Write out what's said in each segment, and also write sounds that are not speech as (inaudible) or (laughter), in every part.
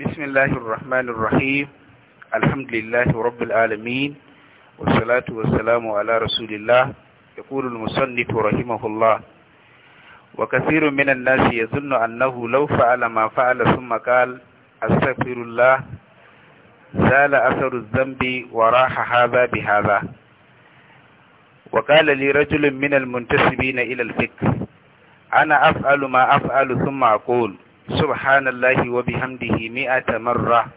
بسم الله الرحمن الرحيم الحمد لله رب العالمين والصلاة والسلام على رسول الله يقول المصنف رحمه الله وكثير من الناس يظن أنه لو فعل ما فعل ثم قال أستغفر الله زال أثر الذنب وراح هذا بهذا وقال لي رجل من المنتسبين إلى الفكر أنا أفعل ما أفعل ثم أقول subhanallahi wa bihamdihi mi'ata marra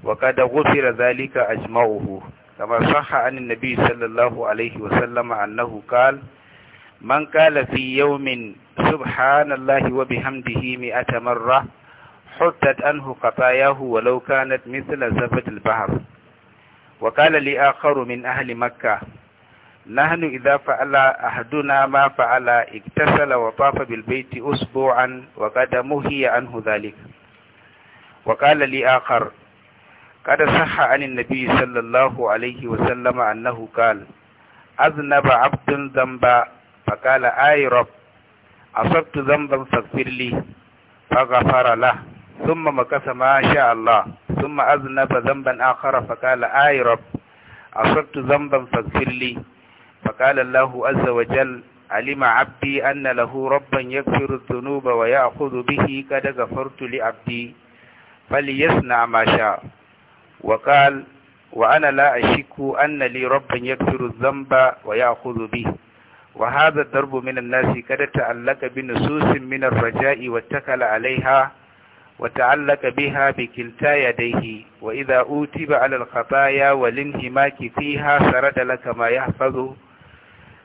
wa qad ghufira dhalika ajma'uhu kama sahha an nabi sallallahu alaihi wa sallama annahu qala man qala fi yawmin subhanallahi wa bihamdihi mi'ata حطت عنه خطاياه ولو كانت مثل زبد البحر وقال لي من أهل مكة نحن إذا فعل أحدنا ما فعل اكتسل وطاف بالبيت أسبوعا وقد مهي عنه ذلك وقال لي آخر قد صح عن النبي صلى الله عليه وسلم أنه قال أذنب عبد ذنبا فقال آي رب أصبت ذنبا فاغفر لي فغفر له ثم مكث ما شاء الله ثم أذنب ذنبا آخر فقال آي رب أصبت ذنبا فاغفر لي فقال الله عز وجل علم عبدي أن له ربا يغفر الذنوب ويأخذ به قد غفرت لعبدي فليصنع ما شاء وقال وأنا لا أشك أن لي ربا يغفر الذنب ويأخذ به وهذا الضرب من الناس قد تعلق بنصوص من الرجاء واتكل عليها وتعلق بها بكلتا يديه وإذا أوتب على الخطايا والانهماك فيها سرد لك ما يحفظه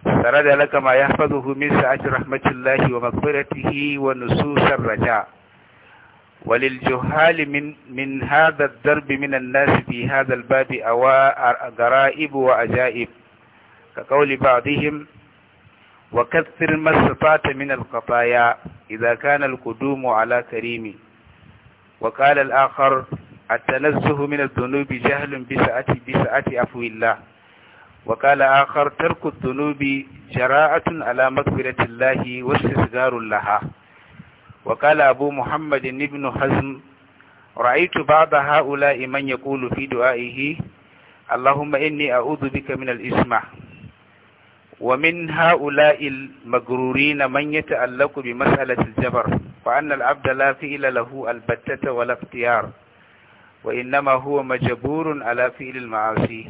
سرد لك ما يحفظه من سعة رحمة الله ومغفرته ونصوص الرجاء وللجهال من من هذا الدرب من الناس في هذا الباب أواء غرائب وعجائب كقول بعضهم وكثر ما استطعت من القطايا إذا كان القدوم على كريم وقال الآخر التنزه من الذنوب جهل بسعة بسعة عفو الله وقال آخر ترك الذنوب جراءة على مغفرة الله واستسغار لها وقال أبو محمد بن حزم رأيت بعض هؤلاء من يقول في دعائه اللهم إني أعوذ بك من الإسمع ومن هؤلاء المغرورين من يتألق بمسألة الجبر وأن العبد لا فئل له البتة ولا اختيار وإنما هو مجبور على فئل المعاصي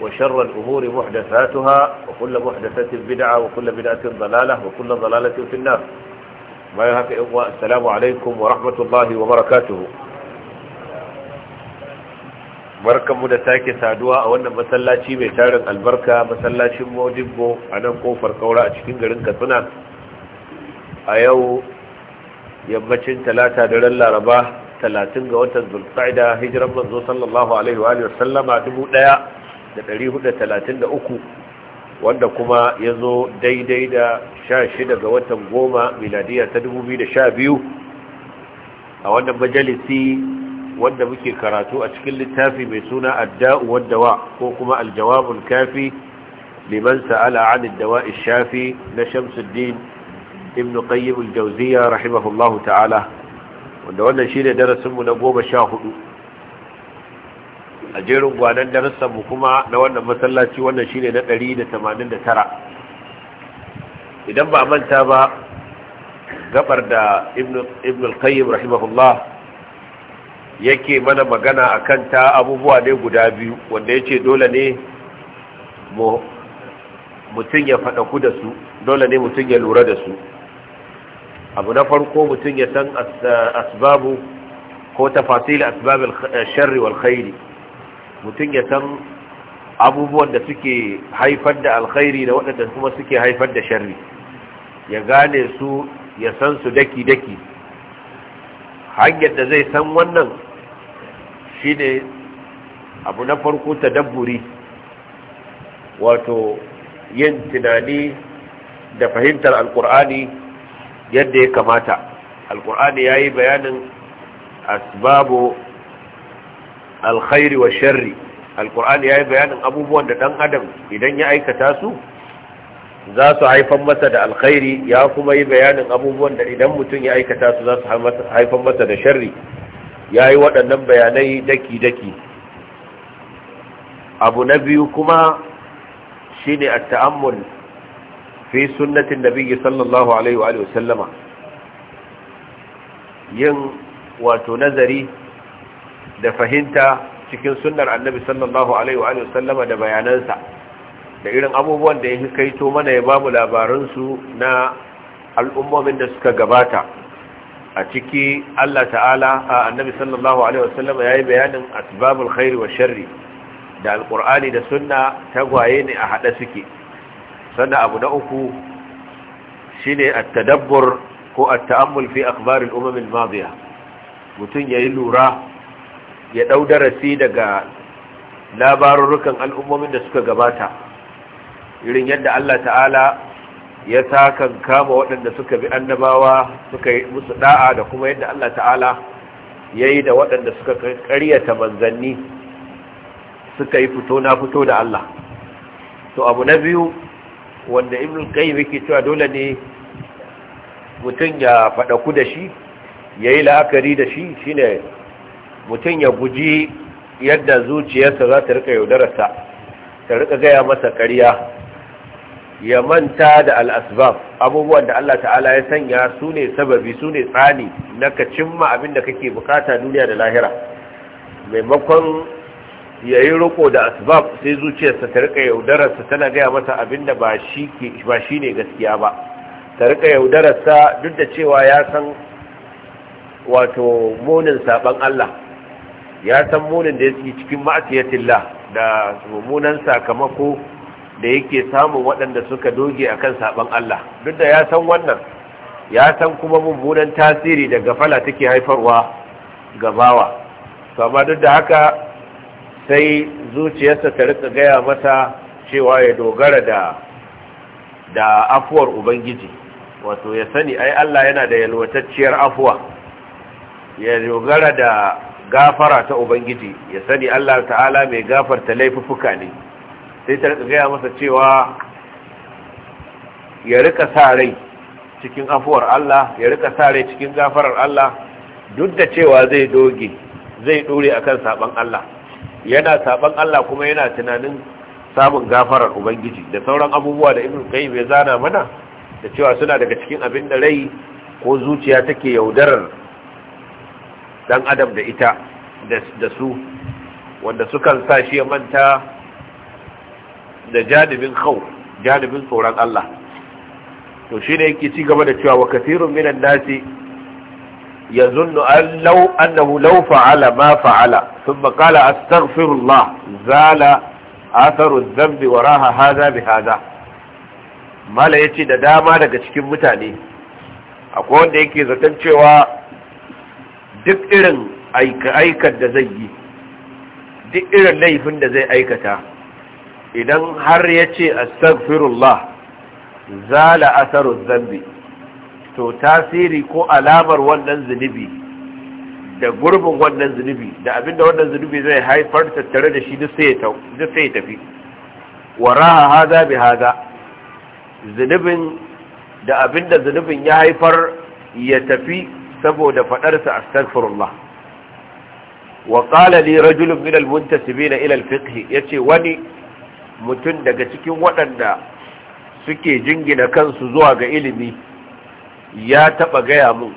وشر الأمور محدثاتها وكل محدثة بدعة وكل بدعة ضلالة وكل ضلالة في النار ما يهك السلام عليكم ورحمة الله وبركاته barkan mu da sake saduwa a wannan masallaci mai tarin albarka masallacin mojibbo a nan kofar kaura a cikin garin katsina a yau yammacin talata daren laraba talatin ga watan zulqa'ida hijiran manzo sallallahu alaihi wa dubu ɗaya. da 433 wanda kuma ya zo daidai da 16 ga watan goma miladiya ta 2012 a wannan majalisi wanda muke karatu a cikin littafi mai suna adda'u wa. ko kuma aljawabun kafi liman sa'ala 'an dawa dawai shafi na Shamsuddin ibn qayyim al-jawziyya rahimahullahu ta'ala wanda wannan shine darasin mu na 14 a jerin gwanon mu kuma na wannan masallaci wannan shi ne na 189 idan ba a manta ba gabar da ibn al-qayyim rahimahullah yake mana magana a ta abubuwa ne guda biyu wanda ya ce dole ne mutum ya faɗaku da su dole ne mutum ya lura da su abu na farko mutum ya san asbabu ko tafasil asbabin sharri wal khairi mutum ya san abubuwan da suke haifar da alkhairi da waɗanda kuma suke haifar da sharri ya gane su ya san su daki-daki hanyar da zai san wannan shi ne abu na farko ta dabburi wato yin tunani da fahimtar alkur'ani yadda ya kamata alkur'ani ya yi bayanin asbabu alkhairi wa sharri alkur'ani ya yi bayanin abubuwan da ɗan adam idan ya aikata su za su haifan masa da alkhairi ya kuma yi bayanin abubuwan da idan mutum ya aikata su za su haifan masa da sharri yayi yi waɗannan bayanai daki-daki abu na biyu kuma shine at a ta'ammul fi sunnatin nabiyyi sallallahu alaihi wa sallama yin wato nazari da fahimta cikin sunnar annabi sallallahu alaihi wa sallama da bayanansa da irin abubuwan da ya kaito mana ya bamu labaransu na al'ummomin da suka gabata a ciki Allah ta'ala a annabi sallallahu alaihi ya yayi bayanin asbabul khairi wa sharri da alqur'ani da sunna tagwaye ne a haɗe suke sannan abu na uku shine at-tadabbur ko at-ta'ammul fi akhbar al-umam al-madiya mutun yayi lura ya ɗau darasi daga labarurrukan al'ummomin da suka gabata irin yadda Allah ta'ala ya takan kama waɗanda suka bi annabawa suka yi musu ɗa'a da kuma yadda Allah ta'ala ya yi da waɗanda suka ƙaryata manzanni suka yi fito na fito da Allah to abu na biyu wanda imin kai yake cewa dole ne mutum ya faɗaku da shi ya yi la'akari da shi shine mutum ya guji yadda zuciyarsa za ta rika yaudararsa ta rika gaya masa ƙarya ya manta da al'asbab abubuwan da Allah ta'ala ya sanya su ne sababi su ne tsani na ka cimma abin da kake bukata duniya da lahira maimakon ya yi roƙo da asbab sai zuciyarsa ta rika yaudararsa tana gaya masa abin da ba shi ne gaskiya ba ta rika yaudararsa duk da cewa ya san wato munin sabon Allah ya san munin da yake cikin ma'asiyatillah da mummunan sakamako da yake samun waɗanda suka doge akan saban Allah duk da ya san wannan ya san kuma mummunan tasiri da gafala take haifarwa gabawa amma duk da haka sai zuciyarsa ta rika gaya masa cewa ya dogara da da afuwar ubangiji wato ya sani ai Allah yana da yalwatacciyar afuwa ya dogara da gafara ta ubangiji ya sani Allah ta'ala mai gafarta laifuka ne sai ta rika gaya masa cewa ya rika sa rai cikin afuwar Allah ya rika sa rai cikin gafarar Allah duk da cewa zai doge zai dore akan saban Allah yana saban Allah kuma yana tunanin samun gafarar ubangiji da sauran abubuwa da ibn qayyim ya zana mana da cewa suna daga cikin abin da rai ko zuciya take yaudarar dan adam da ita da su wanda sukan sa shi ya manta da janibin khawf janibin tsoron Allah to shine yake ci gaba da cewa wa kathirun minan nasi yazunnu an annahu law fa'ala ma fa'ala thumma qala astaghfirullah zala atharu adh-dhanbi waraha hadha bi hadha mala yace da dama daga cikin mutane akwai wanda yake zaton cewa duk irin aikar da zai yi duk irin laifin da zai aikata idan har ya ce astaghfirullah zala asaru zambi to tasiri ko alamar wannan zunubi da gurbin wannan zunubi da abinda wannan zunubi zai haifar tattare da shi duk sai ya tafi waraha haza bi haza zunubin da abinda zunubin ya haifar ya tafi saboda faɗarsa astaghfirullah wa qala li rajulun min almuntasibina ila alfiqh yace wani mutum daga cikin waɗanda suke jingina kansu zuwa ga ilimi ya taɓa gaya mun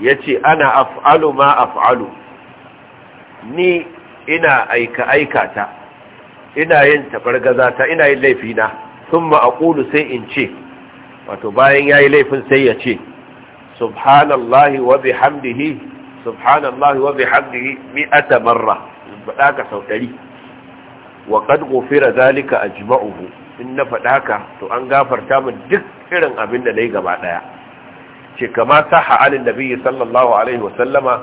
yace ana af'alu ma af'alu ni ina aika aikata ina yin tabargaza ta ina yin laifina thumma aqulu sai in ce wato bayan yayi laifin sai ya ce subhanallahi wa bihamdihi subhanallahi wa marra faɗa ka sau ɗari wa qad ghufira zalika ajma'uhu in na faɗa ka to an gafarta min duk irin abin da nayi gaba daya ce kama sahha alin nabiyyi sallallahu alaihi wa sallama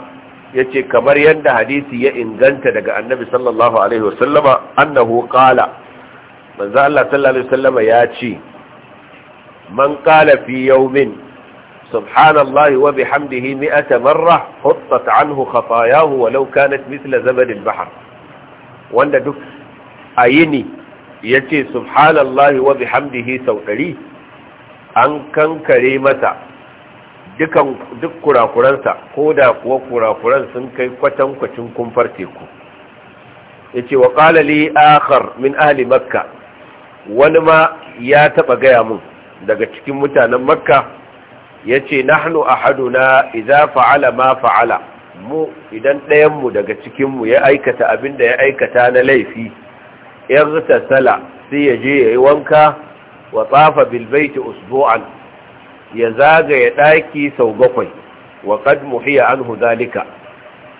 ya ce kamar yadda hadisi ya inganta daga annabi sallallahu alaihi wasallama annahu qala manzo sallallahu alaihi ya ce man qala fi سبحان الله وبحمده مئة مرة حطت عنه خطاياه ولو كانت مثل زبد البحر وان دك أيني يتي سبحان الله وبحمده سوطري أن كان كريمة duk kurakuransa ko da kuwa kurakuran sun kai kwatankwacin kumfar teku ya ce wa ƙalali akhar min ahli makka wani ma ya taɓa gaya mun daga cikin mutanen makka yace nahnu ahaduna idza fa'ala ma fa'ala mu idan ɗayan mu daga cikin mu ya aikata abin da ya aikata na laifi sala sai ya je yayi wanka wa tsafa bil usbu'an ya zagaya daki sau bakwai wa kad muhiya anhu zalika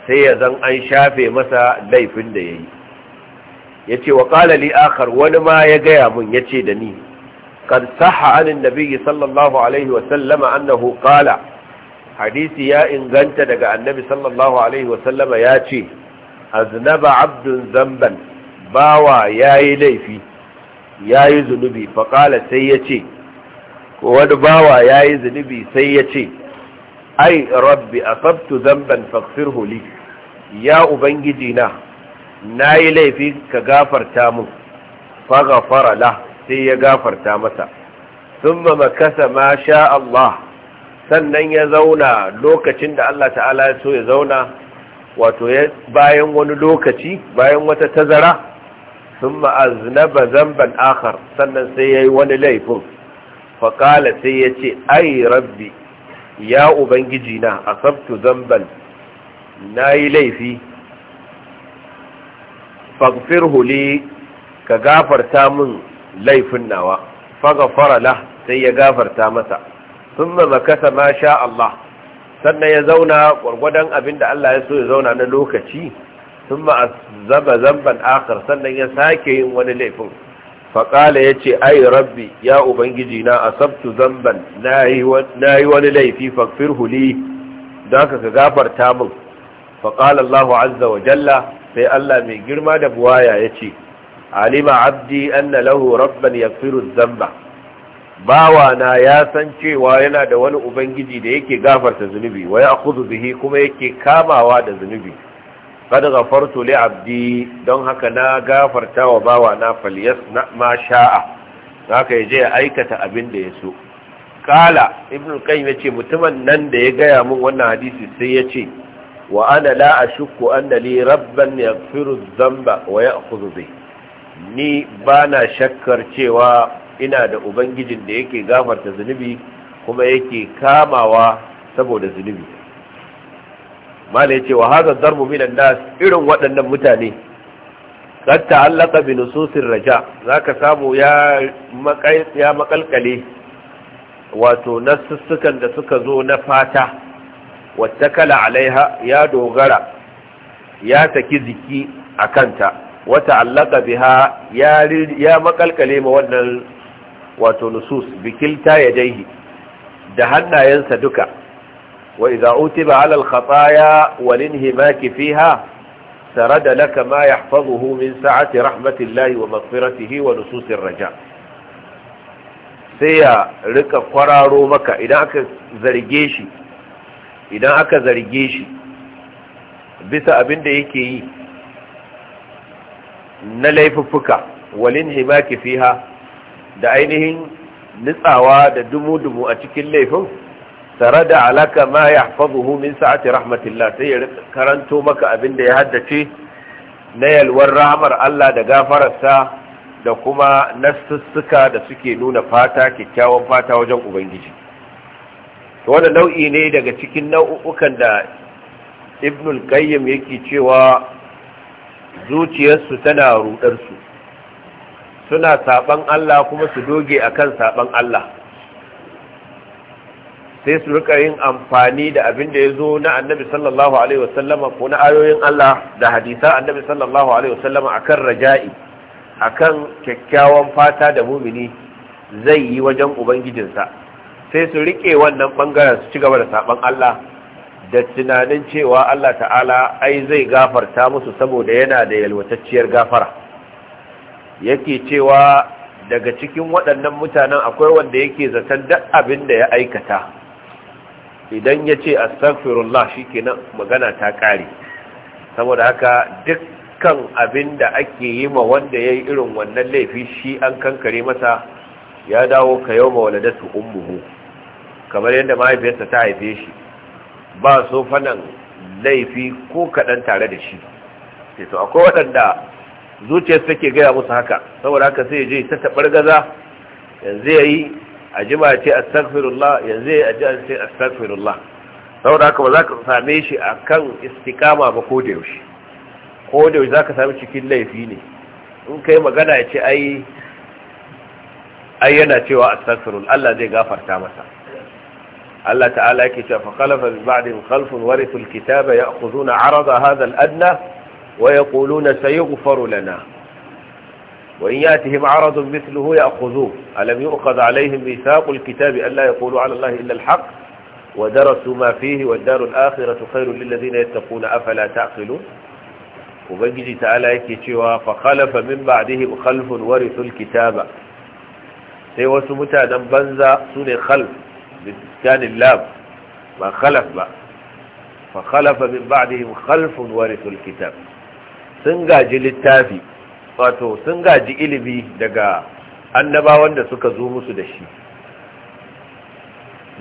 sai ya zan an shafe masa laifin da yayi yace wa qala li akhar wani ma ya gaya mun yace da ni قد صح عن النبي صلى الله عليه وسلم أنه قال حديثي يا إن غنت دقى النبي صلى الله عليه وسلم ياتي أذنب عبد ذنبا باوى يا ليفي يا ذنبي فقال سيتي ودباوى يا ذنبي سيتي أي ربي أصبت ذنبا فاغفره لي يا أبنجدنا ناي ليفي كغافر تامو فغفر له sai ya gafarta masa ba makasa ma sha Allah sannan ya zauna lokacin da Allah ta'ala ya so ya zauna wato bayan wani lokaci bayan wata tazara thumma aznaba zamban akhar sannan sai ya yi wani laifin faƙala sai yace ai rabbi ya ubangiji na asabtu zamban yi laifi faghfirhu huli ka gafarta min laifin nawa faghfara lah sai ya gafarta masa Sun makasa ma sha Allah sannan ya zauna gwargwadon abinda Allah ya so ya zauna na lokaci thumma azaba zamban akhar sannan ya sake yin wani laifin faƙala ya ce ai rabbi ya ubangiji na asabtu zamban na yi wani laifi fakfir huli don ka gafarta min faƙala Allah azza wa jalla sai Allah mai girma da buwaya ya ce alima abdi anna lahu rabban yaghfiru dhanba bawa na ya san cewa yana da wani ubangiji da yake gafarta zunubi wa ya'khudhu bihi kuma yake kamawa da zunubi kad ghafartu li abdi don haka na gafarta wa bawa na falyasna ma sha'a haka yaje ya aikata abin da ya so kala ibn qayyim yace mutumin nan da ya gaya mun wannan hadisi sai yace wa ana la ashukku anna li rabban yaghfiru dhanba wa ya'khudhu bihi ni ba na shakkar cewa ina da ubangijin da yake gafarta zunubi kuma yake kamawa saboda zunubi mala ce wa haza zarbu minan nas irin waɗannan mutane qad ta'allaka bi sosin raja zaka samu ya makalkale wato nasussukan da suka zo na fata wata kala alaiha ya dogara ya saki jiki kanta. wata allaka biha ya makalkale ma wannan wato nusus bikilta ya daihi da hannayensa duka wa iza uti ba alal khataya walin himaki fiha da laka ma yahfazuhu min sa'ati rahmatillahi wa maghfiratihi wa nususin raja sai ya rika kwararo maka idan aka zarge shi idan aka zarge shi bisa abinda yake yi na laifuffuka walin himaki fiha da ainihin nitsawa da dubu-dubu a cikin laifin tare da alaka ma ya hafazuhu min sa'ati rahmatillah sai ya karanto maka abin da ya haddace na yalwar rahmar Allah da gafararsa da kuma nassussuka da suke nuna fata kyakkyawan fata wajen ubangiji to wannan nau'i ne daga cikin nau'ukan da ibnul qayyim yake cewa zuciyarsu tana rudarsu suna saban Allah kuma su doge akan saban Allah sai su rika yin amfani da abin da ya zo na annabi sallallahu alaihi wasallama ko na ayoyin Allah da hadisan annabi sallallahu alaihi wasallama akan raja'i akan kyakkyawan fata da mumini zai yi wajen ubangijinsa sai su rike wannan bangaren su ci gaba da saban Allah da tunanin cewa Allah ta'ala ai zai gafarta musu saboda yana da yalwatacciyar gafara yake cewa daga cikin waɗannan mutanen akwai wanda yake zaton duk abin da ya aikata idan ya ce astaghfirullah nan, magana ta ƙare saboda haka dukkan abin da ake yi ma wanda ya yi irin wannan laifi shi an kankare masa ya dawo ka yau ma waladatu ummuhu kamar yadda mahaifiyarsa ta haife shi ba so fanan laifi ko kaɗan tare da shi to akwai waɗanda zuciyar take gaya musu haka saboda haka sai je ta taɓar gaza yanzu ya yi a jima ce astagfirullah yanzu ya a ce astagfirullah saboda haka ba za ka same shi a kan istikama ba ko da yaushe ko da yaushe za ka sami cikin laifi ne in ka yi magana ya ce ai yana cewa astagfirullah Allah zai gafarta masa الله تعالى كتاب فخلف من بعدهم خلف ورثوا الكتاب ياخذون عرض هذا الادنى ويقولون سيغفر لنا وان ياتهم عرض مثله ياخذوه الم يؤخذ عليهم ميثاق الكتاب الا يقولوا على الله الا الحق ودرسوا ما فيه والدار الاخره خير للذين يتقون افلا تعقلون وبجي تعالى كتاب فخلف من بعدهم خلف ورثوا الكتاب سيوسو متى دم بنزا سوني خلف bisanin lab ba khalaf ba fa khalafa min ba'dihim khalfun warithul kitab sun gaji littafi wato sun gaji ilimi daga annabawan da suka zo musu da shi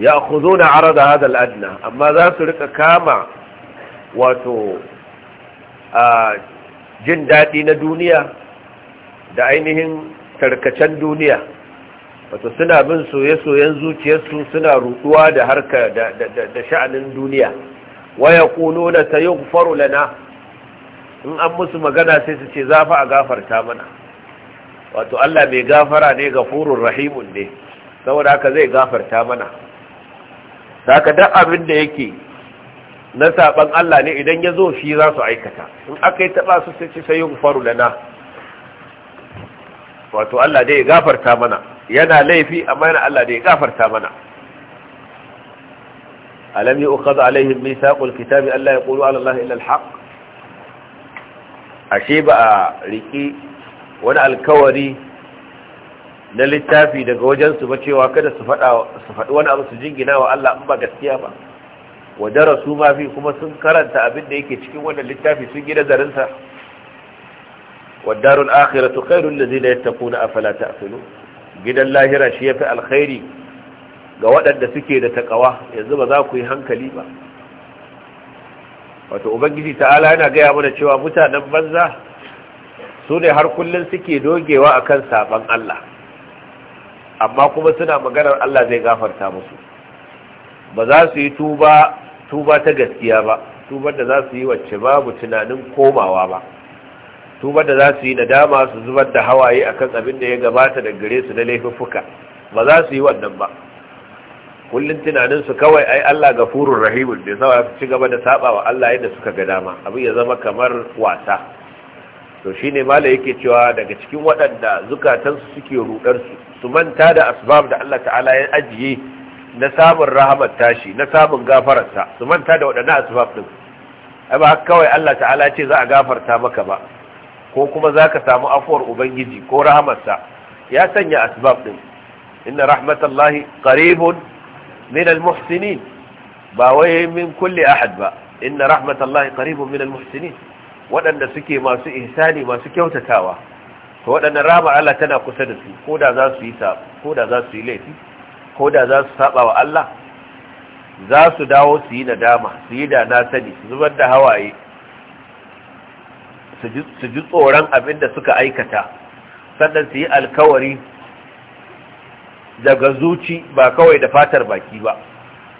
ya kuzo na arada hadal adna amma za su rika kama wato a jin daɗi na duniya da ainihin tarkacen duniya wato suna bin soye-soyen zuciyarsu suna rutuwa da harka da sha'anin duniya waya kuno na ta yi lana in an musu magana sai su ce zafi a gafarta mana wato allah mai gafara ne ga furun rahimun ne saboda haka zai gafarta mana saka duk abin da yake na saban allah ne idan ya zo shi za su aikata in aka yi taɓa su sai ce sai yi lana wato allah dai gafarta mana yana laifi amma yana Allah da ya gafarta mana alam yi ukhadha alaihim kitabi alla ya ala Allah illa al ashe ba a riki wani alkawari na littafi daga wajensu su ba cewa kada su faɗi wani abu su jingina wa Allah in ba gaskiya ba wa darasu ma fi kuma sun karanta abin da yake cikin wannan littafi sun gida zarin sa والدار الآخرة خير الذين يتقون أفلا gidan lahira shi ya fi alkhairi ga waɗanda suke da taƙawa yanzu ba za ku yi hankali ba wato ubangiji ta'ala yana gaya mana cewa mutanen banza su ne har kullum suke dogewa akan kan Allah amma kuma suna maganar Allah zai gafarta musu ba za su yi tuba ta gaskiya ba tubar da za su yi wacce babu tunanin komawa ba tubar da za su yi nadama su zubar da hawaye akan abin da ya gabata da gare su na laifuffuka ba za su yi wannan ba Kullum tunanin su kawai ai Allah gafurur rahimun bai sa su ci gaba da saba wa Allah yadda suka ga dama abin ya zama kamar wasa to shine mala yake cewa daga cikin waɗanda zukatansu suke rudar su su manta da asbab da Allah ta'ala ya ajiye na samun rahamar tashi na samun gafararsa su manta da waɗannan asbab din ai ba kawai Allah ta'ala ce za a gafarta maka ba ko kuma za ka samu afuwar ubangiji ko rahamarsa ya sanya asbab ɗin inna rahmatallahi qaribun min almuhsinin ba wai min kulli ahad ba inna rahmatallahi qaribun min almuhsinin waɗanda suke masu ihsani masu kyautatawa to waɗannan rahama Allah tana kusa da su ko da za su yi ko da za su yi laifi ko da za su saba wa Allah za su dawo su yi nadama su yi da na sani su zubar da hawaye su ji tsoron abin da suka aikata sannan su yi alkawari daga zuci ba kawai da fatar baki ba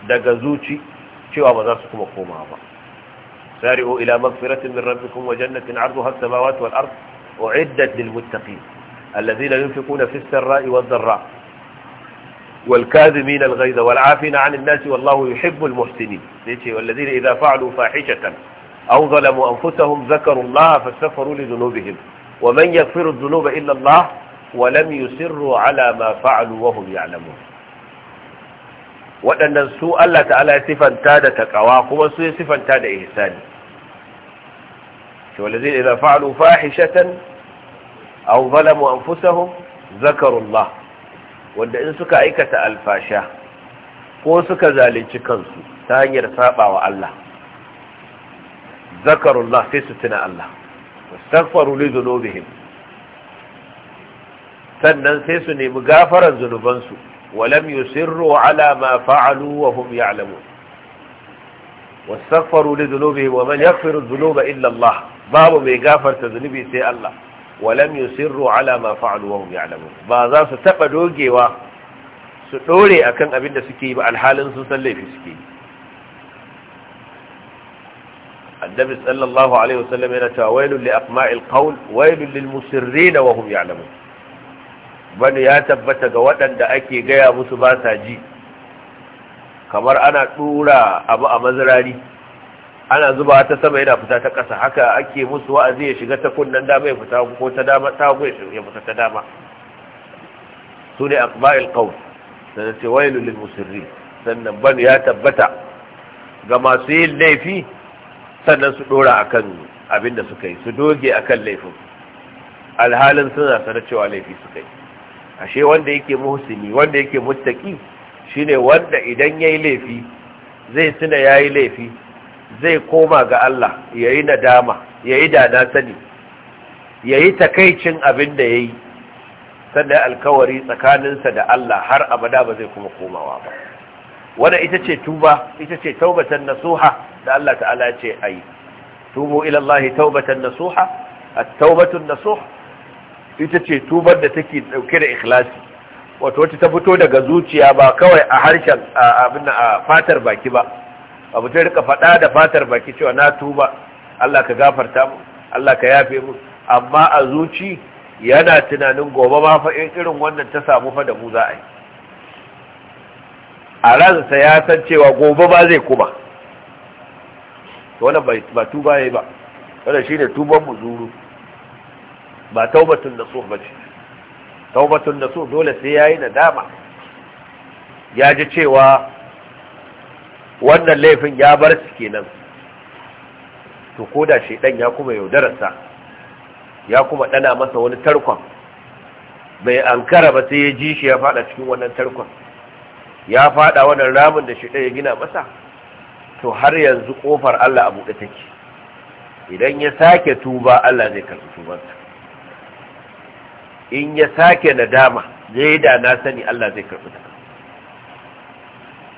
daga zuci cewa ba za su kuma koma ba sari'u ila magfiratin min rabbikum wa jannatin 'arduha as-samawati wal ard u'iddat lil muttaqin alladhina yunfiquna fis sarai wad dharra wal kadhimin al ghayza wal 'afina 'anil nasi wallahu yuhibbul muhsinin yace wal ladhina idha fa'alu fahishatan أو ظلموا أنفسهم ذكروا الله فاستغفروا لذنوبهم ومن يغفر الذنوب إلا الله ولم يسروا على ما فعلوا وهم يعلمون وأن السوء الله تعالى صفة تادة تقواق وسوء صفة تادة إحسان الذين إذا فعلوا فاحشة أو ظلموا أنفسهم ذكروا الله وأن إنسك أيكة الفاشة قوسك ذلك كنسو تانير فابع الله zakarullah sai su tuna Allah wastaghfaru li dhunubihim sannan sai su nemi gafaran zunubansu walam yusirru ala ma fa'alu wa hum ya'lamun wastaghfaru li dhunubihim wa man yaghfiru dhunuba illa Allah babu mai gafarta zunubi sai Allah walam yusirru ala ma fa'alu wa hum ya'lamun ba za su taba dogewa su dore akan abin da suke yi ba alhalin sun san laifi suke yi annabi sallallahu alaihi wasallam yana cewa wailul li aqma'il qawl wailul lil musirrin wa hum ya'lamun bani ya tabbata ga waɗanda ake gaya musu ba sa ji kamar ana dura abu a mazirari ana zuba ta sama yana fita ta ƙasa haka ake musu wa'azi ya shiga ta kunnan dama ya fita ko ta dama ta hagu ya fita ta dama su ne aqba'il qawl sannan ce wailul lil musirrin sannan bani ya tabbata ga masu yin laifi sannan su dora akan abin da suka yi su doge akan laifin alhalin suna sanar cewa laifi suka yi ashe wanda yake muhsini wanda yake muttaki shine wanda idan yayi laifi zai tuna yayi laifi zai koma ga Allah yayi nadama yayi dana sani yayi takaicin abin da yayi sannan alkawari tsakaninsa da Allah har abada ba zai kuma komawa ba wadda ita ce tuba ita ce taubatan nasuha da Allah ta'ala ya ce ai tubu ila Allah taubatan nasuha at-taubatun nasuh ita ce tubar da take dauke da ikhlasi wato wacce ta fito daga zuciya ba kawai a harshen abin a fatar baki ba abu ta rika faɗa da fatar baki cewa na tuba Allah ka gafarta mu Allah ka yafe mu amma a zuci yana tunanin gobe ma fa irin wannan ta samu fa da mu za a yi a ransa ya san cewa gobe ba zai kuma wannan ba tuba yayi ba wannan shine tuban muzuru ba taubatun ba ce, taubatun so dole sai yayi nadama ya ji cewa wannan laifin ya bar su kenan to ko da dan ya kuma yaudararsa ya kuma dana masa wani tarkon bai ankara ba sai ya ji shi ya fada cikin wannan tarkon ya fada wannan ramin da shaitan ya gina masa to har yanzu kofar Allah a buɗe take idan ya sake tuba Allah zai karɓi tubansa in ya sake nadama zai da na sani Allah zai karɓi ta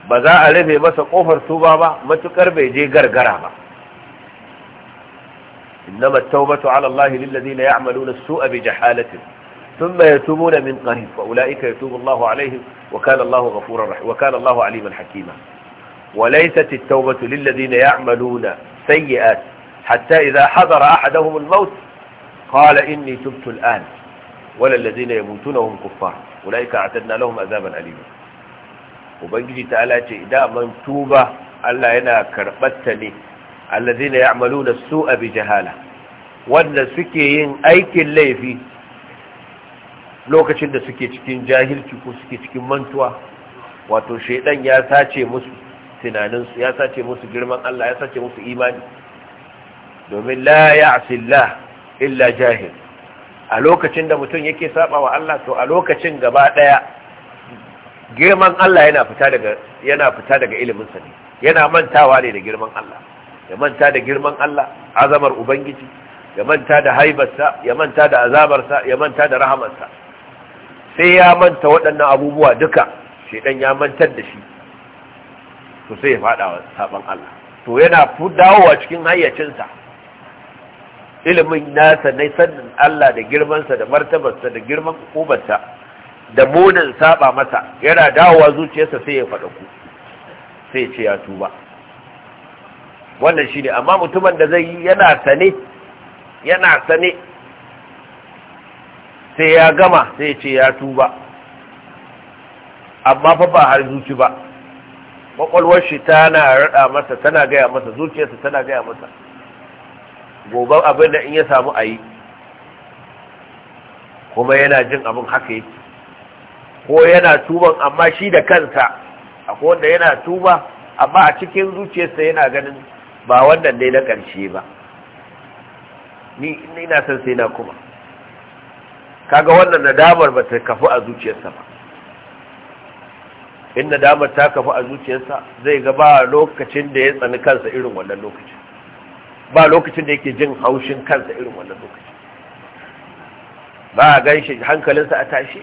ba za a rufe masa kofar tuba ba matukar bai je gargara ba إنما التوبة على الله للذين يعملون السوء بجحالة ثم يتوبون من قريب فأولئك يتوب الله عليهم وكان الله غفورا رحيما وكان الله عليما حكيما وليست التوبة للذين يعملون سيئات حتى إذا حضر أحدهم الموت قال إني تبت الآن ولا الذين يموتون وهم كفار أولئك أعتدنا لهم عذابا أليما وبنجي تعالى إذا من توبة ألا هنا كربتني الذين يعملون السوء بجهالة وأن سكيين أيك الليفي lokacin da suke cikin jahilci ko suke cikin mantuwa wato shaidan ya sace musu tunaninsu ya sace musu girman Allah ya sace musu imani domin la ya'sillah illa jahil a lokacin da mutum yake saba wa Allah to a lokacin gaba daya girman Allah yana fita daga yana fita daga iliminsa ne yana mantawa ne da girman Allah ya manta da girman Allah azamar ubangiji ya manta da haibarsa ya manta da azabarsa ya manta da rahamarsa sai ya manta waɗannan abubuwa duka ɗan ya mantar da shi to sai ya fada wa saban Allah to yana dawowa cikin hayyacinsa ilimin nasa na sanin Allah da girmansa da martabarsa da girman kubarsa da munin saba masa yana dawowa zuciyarsa sai ya faɗa ku sai ce ya tuba wannan shi ne amma mutumin da zai yi yana sane yana sane sai ya gama sai ce ya tuba amma fa ba har zuci ba kwakwalwar shi tana rada masa tana gaya masa zuciyarsa tana gaya masa gobe abin da in ya samu a yi kuma yana jin abin haka yake ko yana tuban amma shi da kansa akwai wanda yana tuba amma a cikin zuciyarsa yana ganin ba wannan dai na ƙarshe ba ni ina son sai na kuma kaga wannan nadamar ba ta kafu a zuciyarsa ba in nadamar ta kafu a zuciyarsa zai ga ba lokacin da ya tsani kansa irin wannan lokacin ba lokacin da yake jin haushin kansa irin wannan lokacin ba a gan shi hankalinsa a tashi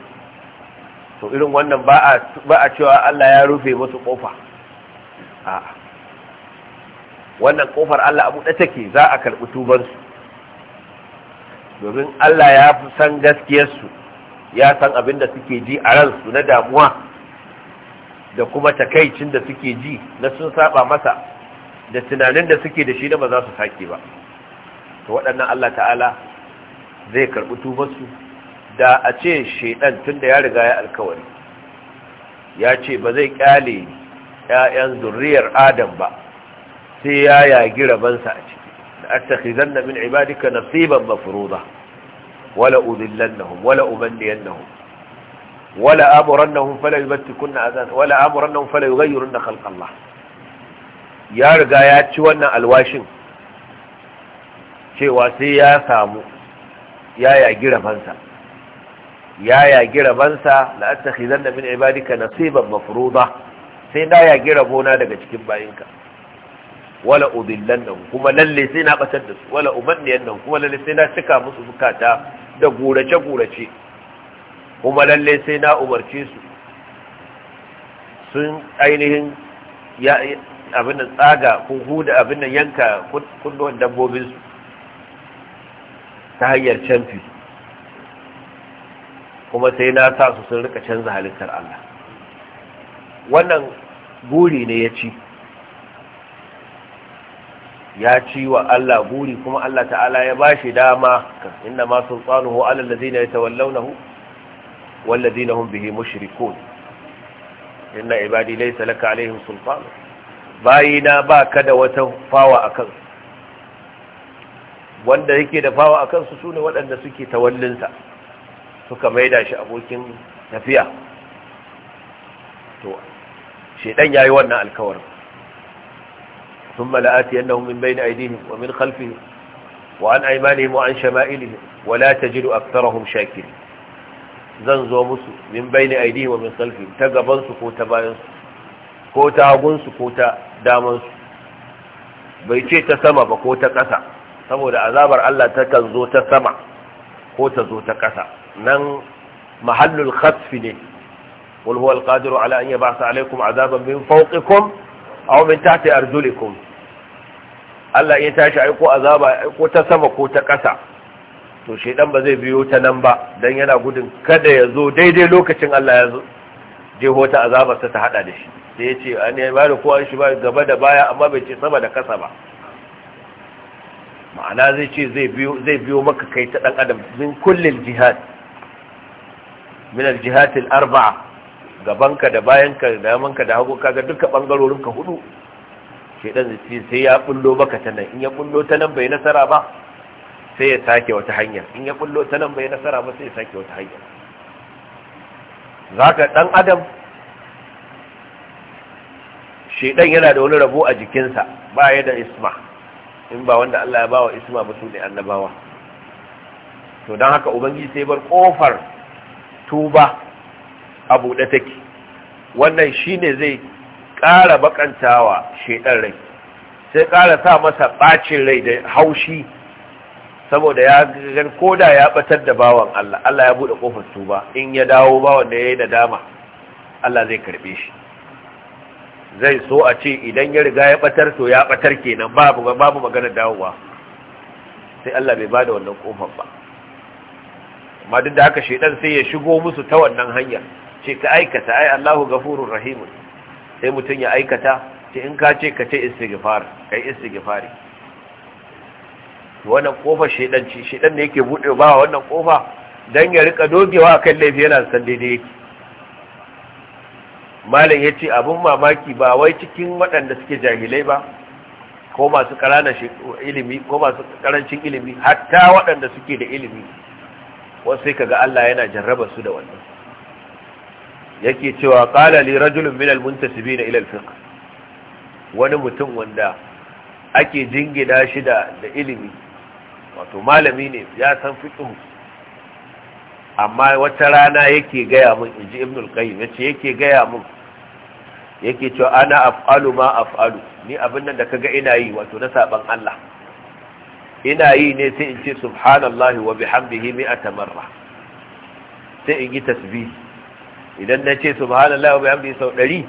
to irin wannan ba a cewa Allah ya rufe masu kofa a wannan kofar Allah abu da take za a karɓi tubansu domin Allah ya fi san gaskiyarsu ya san abin da suke ji a ransu na damuwa da kuma takaicin da suke ji na sun saba masa da tunanin da suke da shi da ba za su sake ba to waɗannan Allah ta'ala zai karɓi tubarsu da a ce shaidan tun da ya riga ya alkawari ya ce ba zai kyale 'ya'yan zurriyar adam ba sai ya yagi rabansa a ciki لأتخذن من عبادك نصيبا مفروضا ولا أذلنهم ولا أمنينهم ولا أمرنهم فلا يبتكن أذان ولا أمرنهم فلا يغيرن خلق الله ya riga ya ci wannan alwashin cewa sai ya samu ya yagi rabansa ya yagi rabansa la attakhizanna min ibadika nasiban mafruḍa sai na yagi rabona daga cikin bayinka wala nan kuma lalle sai na batar da su wala nan kuma lalle sai na cika musu bukata da gurace gurace kuma lalle sai na umarce su sun ainihin ya abin nan tsaga ko huda abin nan yanka kunduwan dabbobin su ta hanyar canfi kuma sai na sa su sun rika canza halittar Allah wannan buri ne ya ci ya ci wa Allah buri kuma Allah ta'ala ya ba shi dama inda ma sultanuhu alal ladina yatawallawnahu wal ladina hum bihi mushrikun inna ibadi laysa laka alaihim sultan bayina ba ka da wata fawa akan wanda yake da fawa akan su sune waɗanda suke tawallinsa suka maida shi abokin tafiya to shedan yayi wannan alƙawarin. ثم لآتينهم من بين أيديهم ومن خلفهم وعن أيمانهم وعن شمائلهم ولا تجد أكثرهم شاكرين zan zo musu min bayni aidihi wa min khalfi ta gaban ko ta bayan ko ta hagun ko ta daman bai ce ta sama ba ko ta ƙasa saboda azabar Allah ta kan zo ta sama ko ta zo ta ƙasa nan mahallul khasfi ne wal huwa al qadiru ala an yab'atha alaykum azaban min fawqikum aw min tahti arjulikum Allah ya tashi aiko azaba aiko ta sama ko ta ƙasa to shedan ba zai biyo ta nan ba dan yana gudun kada ya zo daidai lokacin Allah ya zo jeho ta azabar ta hada da shi sai ya ce an yi bada kowa shi ba gaba da baya amma bai ce sama da kasa ba ma'ana zai ce zai biyo maka kai ta dan adam min kullil jihad min al jihad arba'a gabanka da bayanka da yamanka da hagu kaga duka bangarorinka hudu zai sai ya bullo baka ta nan in ya bullo ta nan bai nasara ba sai ya sake wata hanya in ya bullo ta nan bai nasara ba sai ya sake wata hanya zaka dan adam shedan yana da wani rabo a jikinsa ba ya da isma in ba wanda Allah ya bawa isma ba su ne annabawa to don haka ubangiji sai bar kofar tuba a buɗe take wannan shi ne zai ƙara bakantawa shaidan rai sai ƙara sa masa ɓacin rai da haushi saboda ya gan koda ya batar da bawan Allah Allah ya buɗe ƙofar tuba in ya dawo bawan da ya yi nadama Allah zai karɓe shi zai so a ce idan ya riga ya batar to ya batar kenan babu babu maganar dawowa sai Allah bai bada wannan ƙofar ba amma duk da haka shaidan sai ya shigo musu ta wannan hanyar ce ka aikata ai Allahu gafurur rahim sai mutum ya aikata ce in ka ce ka ce istighfar kai istighfari wannan kofa shedan ci shedan ne yake bude ba wannan kofa dan ya rika dogewa kan laifi yana san daidai yake malam yace abun mamaki ba wai cikin waɗanda suke jahilai ba ko masu ilimi ko masu ƙarancin ilimi hatta waɗanda suke da ilimi wasu sai kaga Allah yana jarraba su da wannan yake cewa qala li rajulun min al ila al wani mutum wanda ake jingina shi da da ilimi wato malami ne ya san fiqh amma wata rana yake gaya min inji ibn al yace yake gaya mun? yake cewa ana af'alu ma af'alu ni abin nan da kaga ina yi wato na saban Allah ina yi ne sai in ce subhanallahi wa bihamdihi mi'ata marra sai in yi tasbih idan na ce subhanallah bai bihamdi sau 100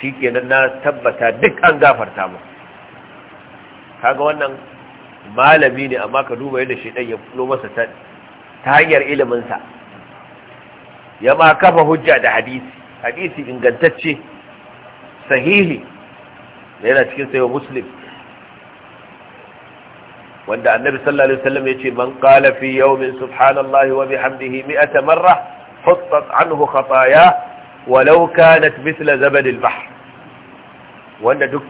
shikenan na tabbata duk an gafarta mu kaga wannan malami ne amma ka duba yadda shi shedan ya fulo masa ta hanyar ilimin sa ya ma kafa hujja da hadisi hadisi ingantacce sahihi yana cikin sayo muslim wanda annabi sallallahu alaihi wasallam yace man qala fi yawmin subhanallahi wa bihamdihi 100 marra فصت عنه خطاياه ولو كانت مثل زبد البحر wanda duk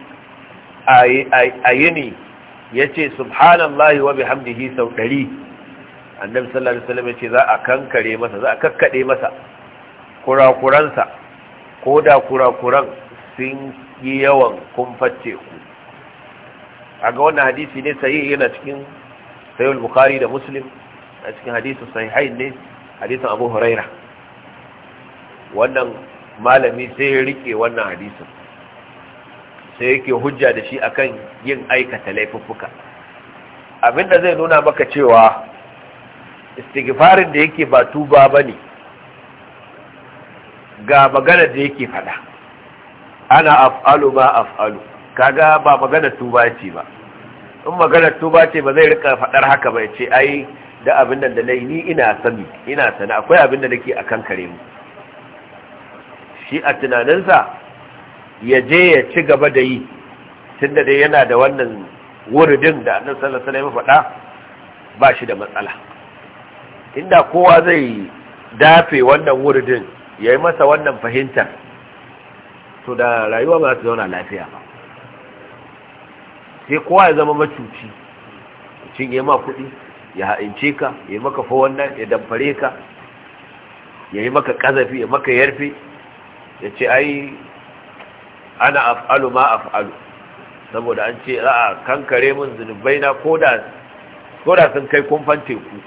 ayini yace subhanallahi wa bihamdihi sau 100 annabi sallallahu alaihi wasallam yace za a kankare masa za a kakkade masa kurakuransa ko da kurakuran sun yi yawan kumface ku aga wannan hadisi ne sai yana cikin sahih al-bukhari da muslim a cikin hadisi sahihain ne hadisin abu huraira wannan malami sai ya rike wannan hadisin sai yake hujja da shi akan yin aikata laifuffuka abinda zai nuna maka cewa istighfarin da yake ba tuba bane ga magana da yake fada ana af'alu ma af'alu kaga ba magana tuba ce ba in magana tuba ce ba zai rika fadar haka ba ce ai da abin nan da nayi ni ina sani ina sana akwai abin da nake akan kare mu shi a tunaninsa ya je ya ci gaba da yi tunda dai yana da wannan wuridin da annabi sallallahu alaihi wasallam faɗa ba shi da matsala inda kowa zai dafe wannan wuridin ya yi masa wannan fahimtar to da rayuwa ba su zauna lafiya ba sai kowa ya zama macuci cinye ma kuɗi ya ha'ince ka ya yi maka fawannan ya damfare ka ya yi maka ƙazafi ya maka yarfe ya ce ai ana af'alu ma af'alu saboda an ce za a kankare min zunubai na koda sun kai kumfan teku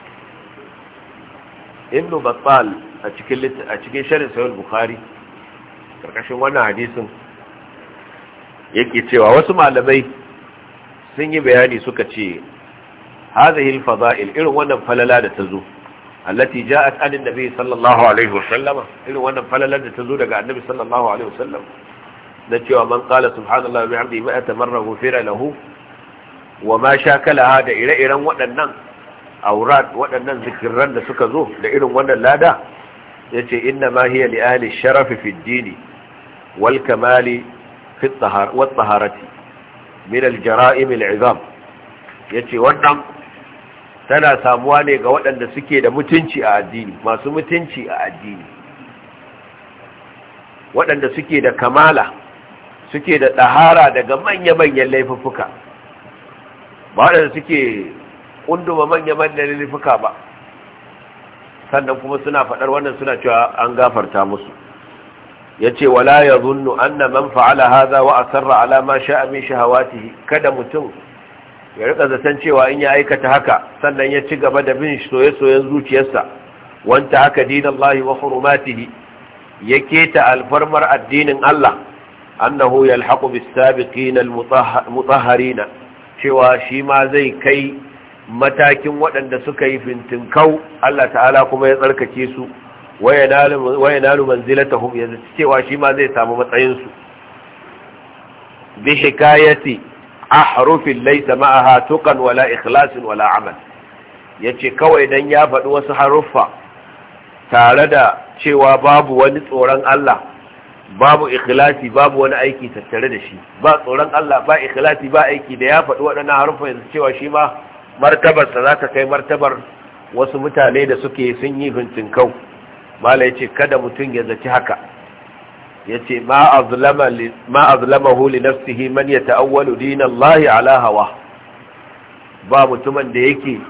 ibnu battal a cikin a cikin sharin sahih bukhari karkashin wannan hadisin yake cewa wasu malamai sun yi bayani suka ce hadhihi al-fada'il irin wannan falala da tazo allati ja'at an annabi sallallahu alaihi wasallam irin wannan falala da tazo daga annabi sallallahu alaihi wasallam da cewa man qala subhanallahi wa bihamdihi ma'a marra ghufira lahu wa ma shakalaha da ire-iren waɗannan aurat waɗannan zikirran da suka zo da irin wannan lada yace inna ma hiya li ahli sharaf fi ad-din wal kamali yace wannan tana samuwa ne ga waɗanda suke da mutunci a addini masu mutunci a addini waɗanda suke da kamala suke da ɗahara daga manya-manyan laifuffuka ba waɗanda suke ƙunduma manya-manyan laifuka ba sannan kuma suna faɗar wannan suna cewa an gafarta musu ya ce wala ya zunnu an na manfa'ala haza wa a sarra alama sha'amin shahawatihi kada mutum ya rika zaton cewa in ya aikata haka sannan ya ci gaba da bin soye-soyen zuciyarsa wanta haka dinan Allah wa hurumatihi ya keta alfarmar addinin Allah annahu yalhaqu bis-sabiqin al-mutahharina cewa shi ma zai kai matakin waɗanda suka yi fintinkau Allah ta'ala kuma ya tsarkake su waya nalu manzilatahum yanzu cewa shi ma zai samu matsayin su bi hikayati ahrufin laysa ma'aha tuqan wala ikhlasin wala amal yace kawai dan ya faɗi wasu haruffa tare da cewa babu wani tsoron Allah babu ikhlasi babu wani aiki tattare da shi ba tsoron Allah ba ikhlasi ba aiki da ya faɗi waɗannan haruffa yanzu cewa shi ma martabarsa za ta kai martabar wasu mutane da suke sun yi bincin kau mala ya ce kada mutum ya zaci haka yace ma azlama huli na li nafsihi man yata'awwalu dinallahi ala hawa ba mutumin da yake (clears throat)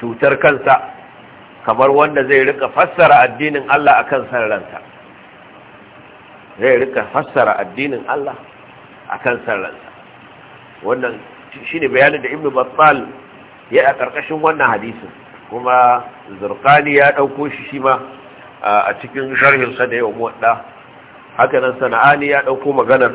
cutar kansa kamar wanda zai rika fassara addinin Allah akan san ransa zai rika fassara addinin Allah akan san ransa wannan ne bayanin da Ibn Battal ya a ƙarƙashin wannan hadisin kuma Zurqani ya dauko shi shi ma a cikin sharhinsa da yawa muwadda haka nan sana'ani ya ɗauko maganar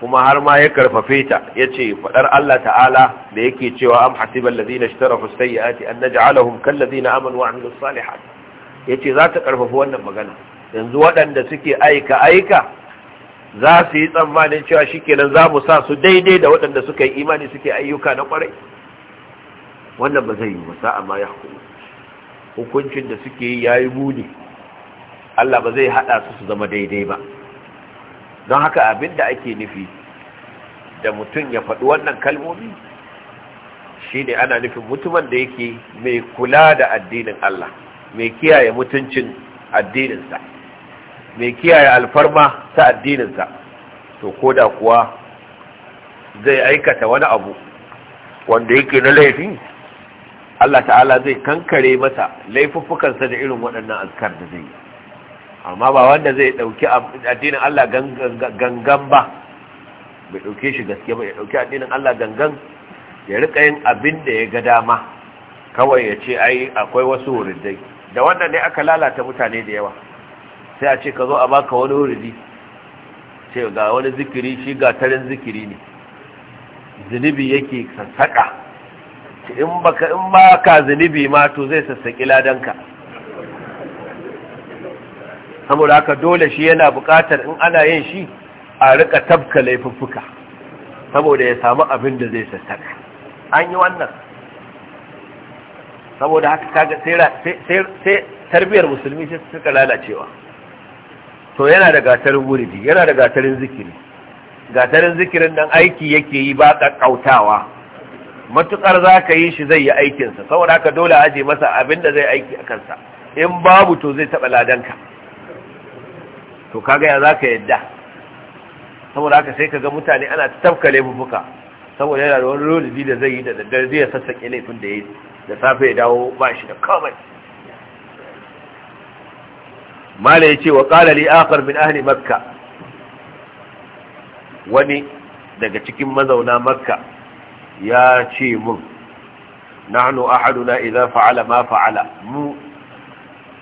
kuma har ma ya karfafe ta ya ce faɗar Allah ta'ala da yake cewa am hasiban lazina ishtarafu sayyi'ati an naj'alahum kan lazina aman wa amilus ya ce za ta karfafi wannan magana yanzu waɗanda suke aika aika za su yi tsammanin cewa shikenan za mu sa su daidai da waɗanda suka yi imani suke ayyuka na ƙwarai wannan ba zai yi ba sa'a ma ya hukuma hukuncin da suke yi ya yi muni Allah ba zai haɗa su su zama daidai ba don haka abin da ake nufi da mutum ya faɗi wannan kalmomi shi ne ana nufin mutumin da yake mai kula da addinin Allah mai kiyaye mutuncin addininsa mai kiyaye alfarma ta addininsa to ko da kuwa zai aikata wani abu wanda yake na laifi Allah ta'ala zai kankare masa laifuffukansa da irin waɗannan azkar da zai yi amma ba wanda zai ɗauki addinin Allah gangan ba bai ɗauke shi gaske ba ya ɗauki addinin Allah gangan ya rika yin abin da ya ga dama kawai ya ce ai akwai wasu wuridai da wannan ne aka lalata mutane da yawa sai a ce ka zo a baka wani wuridi ce ga wani zikiri shi ga zikiri ne zunubi yake sassaƙa in baka in ka zunubi ma to zai sassaƙi ladanka saboda haka dole shi yana buƙatar in ana yin shi a rika tabka laifuffuka saboda ya samu abin da zai sassaka an yi wannan saboda haka kaga sai tarbiyar musulmi sai suka lalacewa to yana da gatarin wuridi yana da gatarin zikiri gatarin zikirin nan aiki yake yi ba ƙaƙƙautawa matukar za ka yi shi zai yi aikinsa saboda haka dole aje masa abin da zai aiki a kansa in babu to zai taɓa ladanka to kaga ya za ka yadda saboda haka sai ka ga mutane ana tafka laifuka saboda yana da wani lodi da zai yi da daddare zai sassaƙe laifin da ya yi da safe ya dawo ba shi da kamar mala ya ce wa ƙala li akar min ahli makka wani daga cikin mazauna makka ya ce mun a haduna, idza fa'ala ma fa'ala mu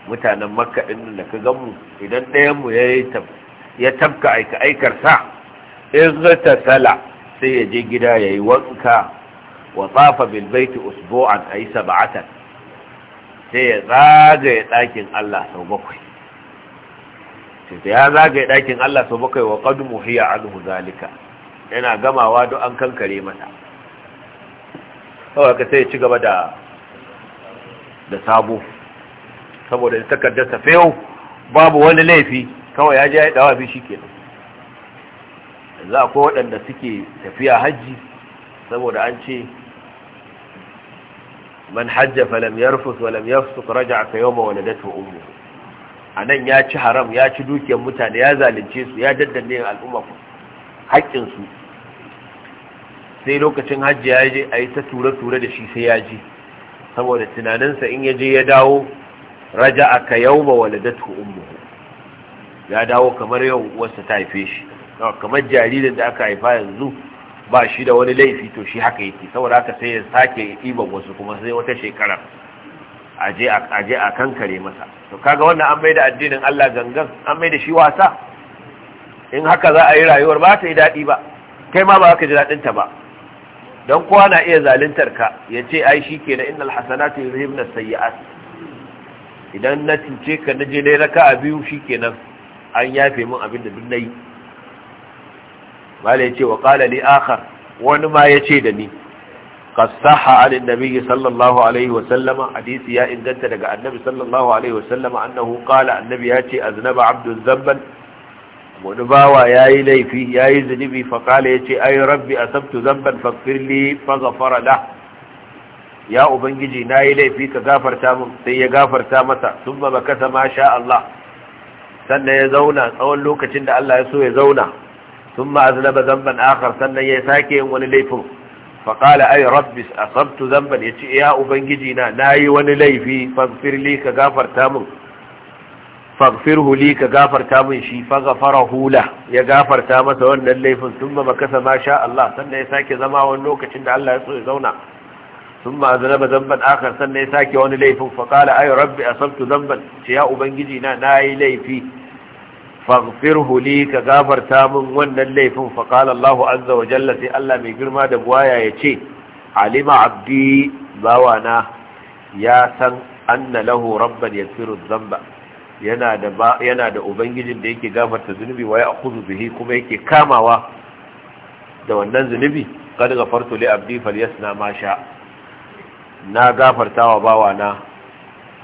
mutanen makka din da ka gan mu idan ɗayan mu ya tabka aika aikar in ta sala sai ya je gida ya yi wanka wa tsafa bil bait usbu'an yi saba'atan. sai ya zagaye ɗakin Allah sau bakwai sai ya zagaye ɗakin Allah sau bakwai wa qad muhiya anhu zalika yana gamawa duk an kankare mata. kawai ka sai ya ci gaba da sabo saboda takardar tafe yau, babu wani laifi kawai ya ji ya dawa bi shikenan yanzu akwai waɗanda suke tafiya hajji saboda an ce man hajja falam yarfus walam yafsuq raja'a ka yawma waladatu ummu anan ya ci haram ya ci dukiyar mutane ya zalunce su ya daddanne al'umma haƙƙin su sai lokacin hajji ya je a yi ta tura-tura da shi sai ya ji saboda tunaninsa in ya je ya dawo raja a ka yau ba waladatu umu ya dawo kamar yau wasu ta haife shi kamar jaririn da aka haifa yanzu ba shi da wani laifi to shi haka yake saboda haka sai ya sake ɗiban wasu kuma sai wata shekara aje a kankare masa to kaga wannan an maida addinin Allah gangan an maida shi wasa in haka za a yi rayuwar ba ta yi daɗi ba kai ma ba ka ji daɗinta ba don kowa na iya zalintar ka ya ce ai shi ke na innal hasanatu yuzhibna sayyi'at idan na cince ka na je nayi raka'a biyu shikenan an yafe min abin da duk nayi ya ce wa qala li akhar wani ma yace da ni qasaha alin nabi sallallahu alaihi wa sallama hadisi ya inganta daga annabi sallallahu alaihi wa sallama annahu qala annabi yace aznaba abdu dhanban wani bawa ya yi laifi ya yi zunubi faƙala ya ce ayi rabbi a sabtu zamban faƙfirli faghafara da ya ubangiji na yi laifi ka gafarta mun sai ya gafarta masa sun ba kasa ma sha Allah sannan ya zauna tsawon lokacin da Allah ya so ya zauna sun ma azinaba zamban akhar sannan ya sake yin wani laifin faƙala ayi rabbi a sabtu zamban ya ce ya ubangiji na na yi wani laifi faƙfirli ka gafarta mun faghfirhu li ka gafarta min shi fa ghafarahu hula. ya gafarta masa wannan laifin thumma makasa ma sha Allah sannan ya sake zama wani lokacin da Allah ya so ya zauna thumma azlaba zamban akhar sannan ya sake wani laifin fa qala ay rabbi asabtu zamban ce ya ubangiji na nayi laifi faghfirhu li ka gafarta min wannan laifin fa qala Allah azza wa jalla sai Allah mai girma da buwaya ya ce alima abdi bawana ya san anna lahu rabban yaghfiru dhanba yana da yana da ubangijin da yake gafarta zunubi wa ya'khudhu bihi kuma yake kamawa da wannan zunubi Kada gafarta li abdi falyasna ma sha na gafartawa bawa na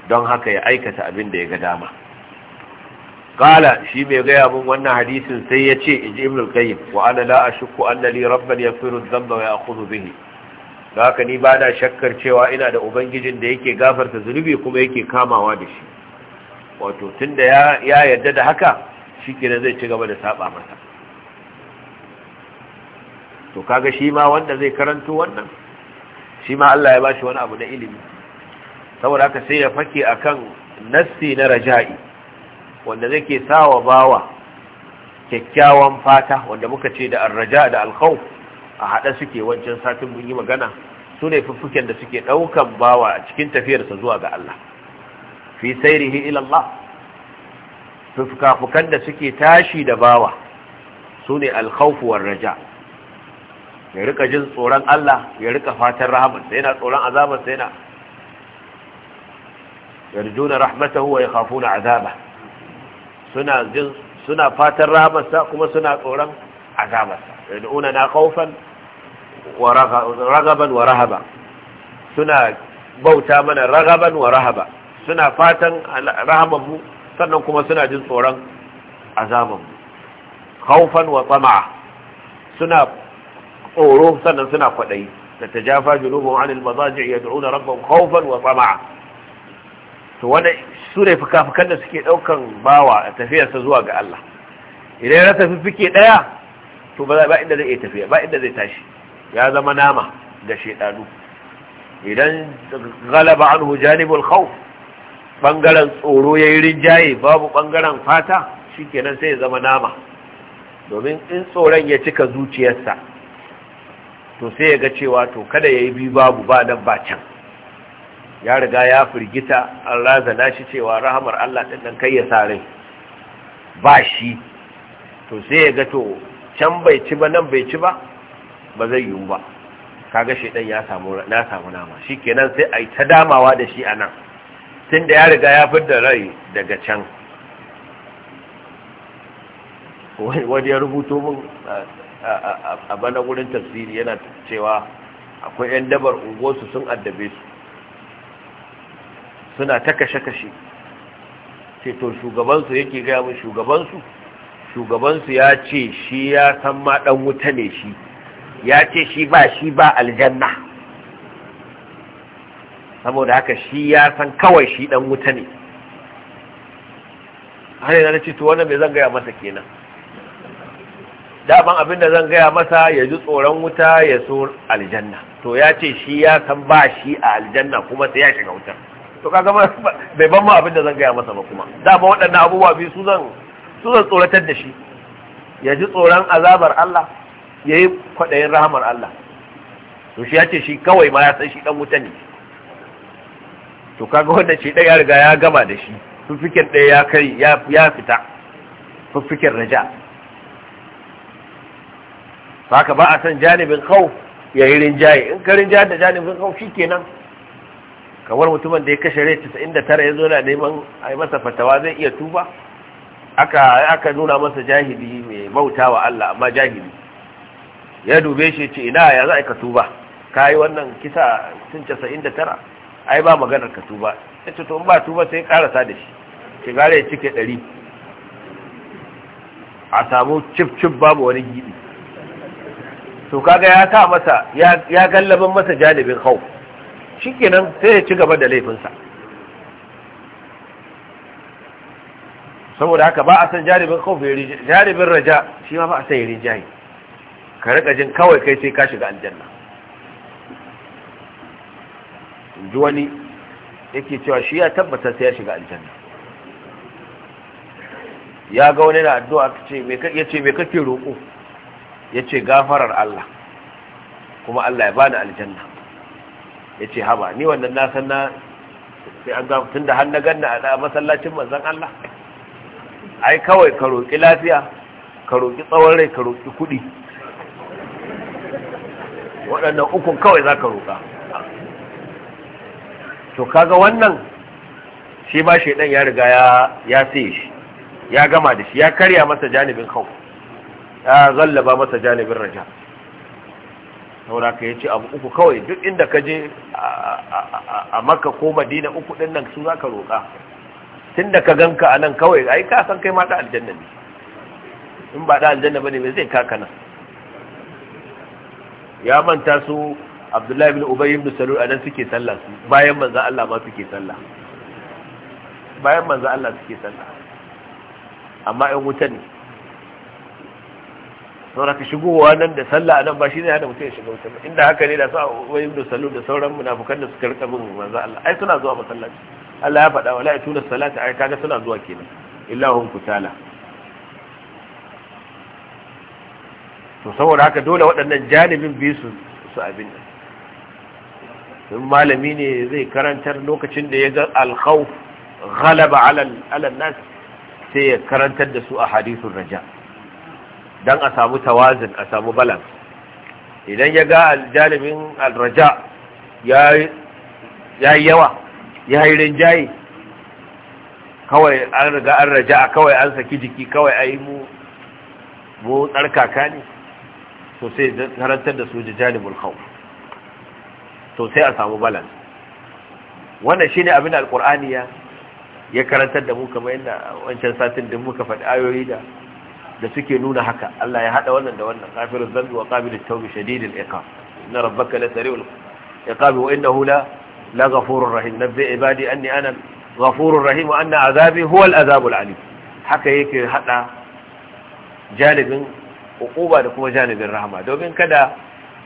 don haka ya aikata abin da ya ga dama Kala shi mai gaya mun wannan hadisin sai ya ce inji ibn al-qayyim wa ana la ashukku anna li rabban yaghfiru dhanba wa ya'khudhu bihi haka ni ba da shakkar cewa ina da ubangijin da yake gafarta zunubi kuma yake kamawa da shi wato tunda ya ya yadda da haka shi shikenan zai ci gaba da saba masa to kaga shi ma wanda zai karanto wannan shi ma Allah ya ba shi wani abu na ilimi saboda haka sai ya fake akan nassi na raja'i wanda zake sawa bawa kyakkyawan fata wanda muka ce da arraja da alkhawf a hada suke wancan satin mun yi magana sune ne fuffuken da suke daukan bawa a cikin tafiyarsa zuwa ga Allah fi sairihi ilallah Allah fukafukan da suke tashi da bawa su ne alkhawfuwar raja ya rika jin tsoron Allah ya rika fatan rahamarsa yana tsoron azabarsa yana yarjuna rahmatahu wa yakhafuna azaba suna jin suna fatan rahamarsa kuma suna tsoron azabarsa yad'una na khawfan wa ragaban wa rahaba suna bauta mana ragaban wa rahaba suna fatan rahamanmu sannan kuma suna jin tsoron azamanmu khawfan wa tsama'a suna tsoro sannan suna kwaɗayi da ta jafa junubun anil mazaji ya da'una rabban khawfan wa tsama'a to wanda su ne fuka-fukan da suke ɗaukan bawa a tafiyarsa zuwa ga Allah idan ya tafi fike ɗaya to ba inda zai iya tafiya ba inda zai tashi ya zama nama ga shaidanu idan galaba an janibul khawf bangaren tsoro ya yi rinjaye babu bangaren fata shikenan sai ya zama nama domin in tsoron ya cika zuciyarsa to sai ya ga cewa to kada ya yi bi babu ba nan ba can ya riga ya firgita an razana shi cewa rahamar Allah ɗin nan kai ya sa rai ba shi to sai ya ga to can bai ci ba nan bai ci ba ba zai yiwu ba kaga shedan ya samu na samu nama shikenan sai ai ta damawa da shi anan tun da ya riga ya da rai daga can wani ya rubuto mun a bana wurin tafsiri yana cewa akwai 'yan dabar unguwarsu sun addabe su suna ta kashe-kashe ceto shugabansu yake gaya mun shugabansu shugabansu ya ce shi ya san ma dan wuta ne shi ya ce shi ba shi ba aljanna saboda haka shi ya san kawai shi dan wuta ne har yana ce to wannan me zan gaya masa kenan daban abin da zan gaya masa ya ji tsoron wuta ya so aljanna to ya ce shi ya san ba shi a aljanna kuma sai ya shiga wutar to kaga bai ban ma abin da zan gaya masa ba kuma Daban waɗannan abubuwa biyu su zan su zan tsoratar da shi ya ji tsoron azabar Allah ya yi kwaɗayin rahamar Allah to shi ya ce shi kawai ma ya san shi ɗan wuta ne to kaga wannan shi ɗaya ya riga ya gama da shi fufikin ɗaya ya kai ya fita fufikin raja haka ba a san janibin kau ya yi rinjaye in ka rinjaye da janibin kau shi kenan kamar mutumin da ya kashe rai 99 ya zo na neman a yi masa fatawa zai iya tuba aka nuna masa jahili mai bauta wa Allah amma jahili ya dube shi ce ina ya za a ka tuba ka yi wannan kisa tun 99 ai ba maganar ka tuba ya ce to in ba tuba sai karasa da shi ce gare ya cike ɗari a samu cif-cif babu wani gidi to kaga ya ta masa ya gallaban masa janibin hau shi kenan sai ya ci gaba da laifinsa saboda haka ba a san jaribin kawai jaribin raja shi ma ba a san yi rinjaye ka rika jin kawai kai sai ka shiga aljanna ji wani yake cewa shi ya tabbata sai ya shiga aljanna ya ga wani na addu'a ya ce mai kake roƙo ya ce gafarar Allah kuma Allah ya bani aljanna ya ce haba ni wannan na san na sai an gafi tun da hannu ganna a masallacin manzan Allah ai kawai ka roƙi lafiya ka roƙi tsawon rai ka roƙi kuɗi waɗannan ukun kawai za ka roƙa to kaga wannan shi ma shaidan ya riga ya ya sai shi ya gama da shi ya karya masa janibin kawo ya zallaba masa janibin raja saura ka ce abu uku kawai duk inda ka je a maka ko madina uku din nan su zaka roka tunda ka ganka nan kawai a yi kasan kai ma da aljanna ne in ba da aljanna ba ne me zai kaka nan ya manta su abdullahi bin ubayy ibn salul anan suke sallah su bayan manzo Allah ma suke sallah bayan manzo Allah suke sallah amma 'yan wuta ne saura ka shigowa nan da sallah nan ba shi ne hada mutum ya shiga wuta ba inda haka ne da su wai ibn salul da sauran munafukan da suka rika bin manzo Allah ai suna zuwa masallaci Allah ya faɗa wala yatuna salati, ai kaga suna zuwa kenan illa kutala to saboda haka dole waɗannan janibin biyu su abin nan in malami ne zai karantar lokacin da ya ga alkhawf ghalaba ala nas sai ya karantar da su a hadithun raja dan a samu tawazin a samu balance idan ya ga aljalibin alraja ya yi yawa ya yi rinjaye kawai an riga an raja kawai an saki jiki kawai a yi mu tsarkaka ne sosai karantar da su jalibin khawf to sai a samu balan. wannan shine abin da alqur'ani ya ya karantar da mu kamar yadda wancan satin din muka faɗi ayoyi da da suke nuna haka Allah ya hada wannan da wannan kafiruz zambi wa qabilut tawbi shadidul iqab inna rabbaka la sari'ul iqab wa innahu la la ghafurur rahim nabbi ibadi anni ana ghafurur rahim wa anna azabi huwa al azabul alim haka yake hada janibin uquba da kuma janibin rahama domin kada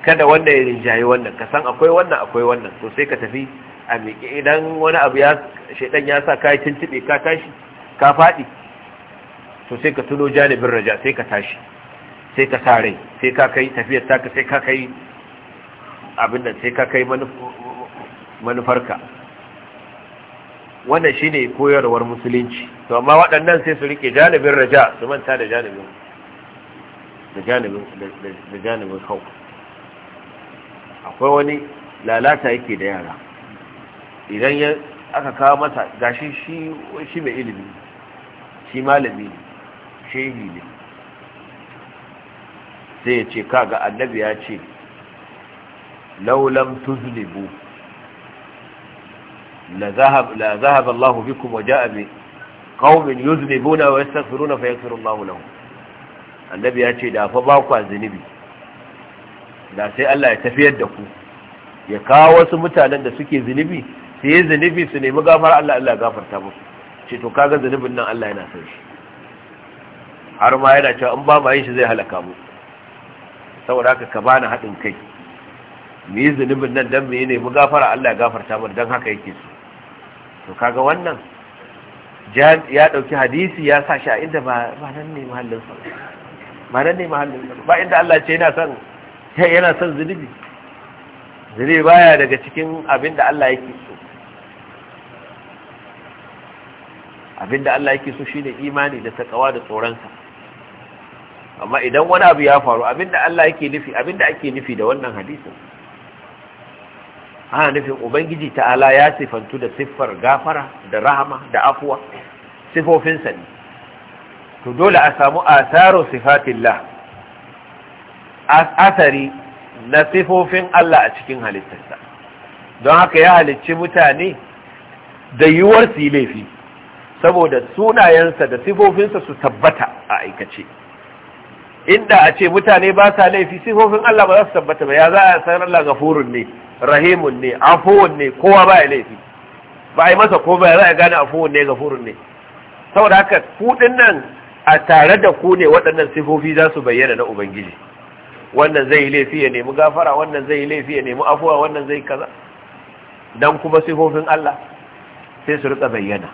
kada wannan ya rinjaye wannan ka san akwai wannan akwai wannan to sai ka tafi a miƙe idan wani abu ya shaidan ya sa ka tuntube ka tashi ka faɗi to sai ka tuno janibin raja sai ka tashi sai ka sa sai ka kai tafiyar taka sai ka kai abin da sai ka kai manufarka wannan shine koyarwar musulunci to amma waɗannan sai su rike janibin raja su manta da janibin da janibin da janibin akwai wani lalata yake da yara idan ya aka kawo masa gashi shi shi mai ilimi shi malami ne shehi ne sai ya ce kaga annabi ya ce laulam tuzlibu la zahab Allahu bikum wa ja'a bi qaumin yuzlibuna wa yastaghfiruna fa yaghfiru Allahu lahum annabi ya ce da fa ba kwa zunubi da sai Allah ya tafiyar da ku ya kawo wasu mutanen da suke zunubi su yi zunubi su nemi gafar Allah Allah ya gafarta musu ce to kaga zunubin nan Allah yana san shi har ma yana cewa in ba ma yin shi zai halaka mu saboda haka ka bani haɗin kai mu yi zunubin nan don mu yi nemi gafar Allah ya gafarta mu don haka yake so to kaga wannan ya ɗauki hadisi ya sa shi a inda ba nan ne mahallin sa ba nan ne mahallin sa ba inda Allah ce yana son yana son zunubi zunubi baya daga cikin abin da Allah yake so abin da Allah yake so shine imani da takawa da tsoronsa amma idan wani abu ya faru abin da Allah yake nufi abin da ake nufi da wannan hadisin ana nufin ubangiji ta'ala ya sifantu da siffar gafara da rahama da afuwa sifofinsa ne to dole a samu asaro sifatillah asari na sifofin Allah a cikin halittarsa don haka ya halicci mutane da yiwuwar su yi laifi saboda sunayensa da sifofinsa su tabbata a aikace inda a ce mutane ba sa laifi sifofin Allah ba za su tabbata ba ya za a san Allah gafurun ne rahimun ne afuwun ne kowa ba ya laifi ba a yi masa ko ba ya za a gane afuwun ne gafurun ne saboda haka kudin nan a tare da ku ne waɗannan sifofi za su bayyana na ubangiji wannan zai yi laifi ya nemi gafara wannan zai yi laifi ya nemi afuwa wannan zai kaza dan kuma sifofin Allah sai su rika bayyana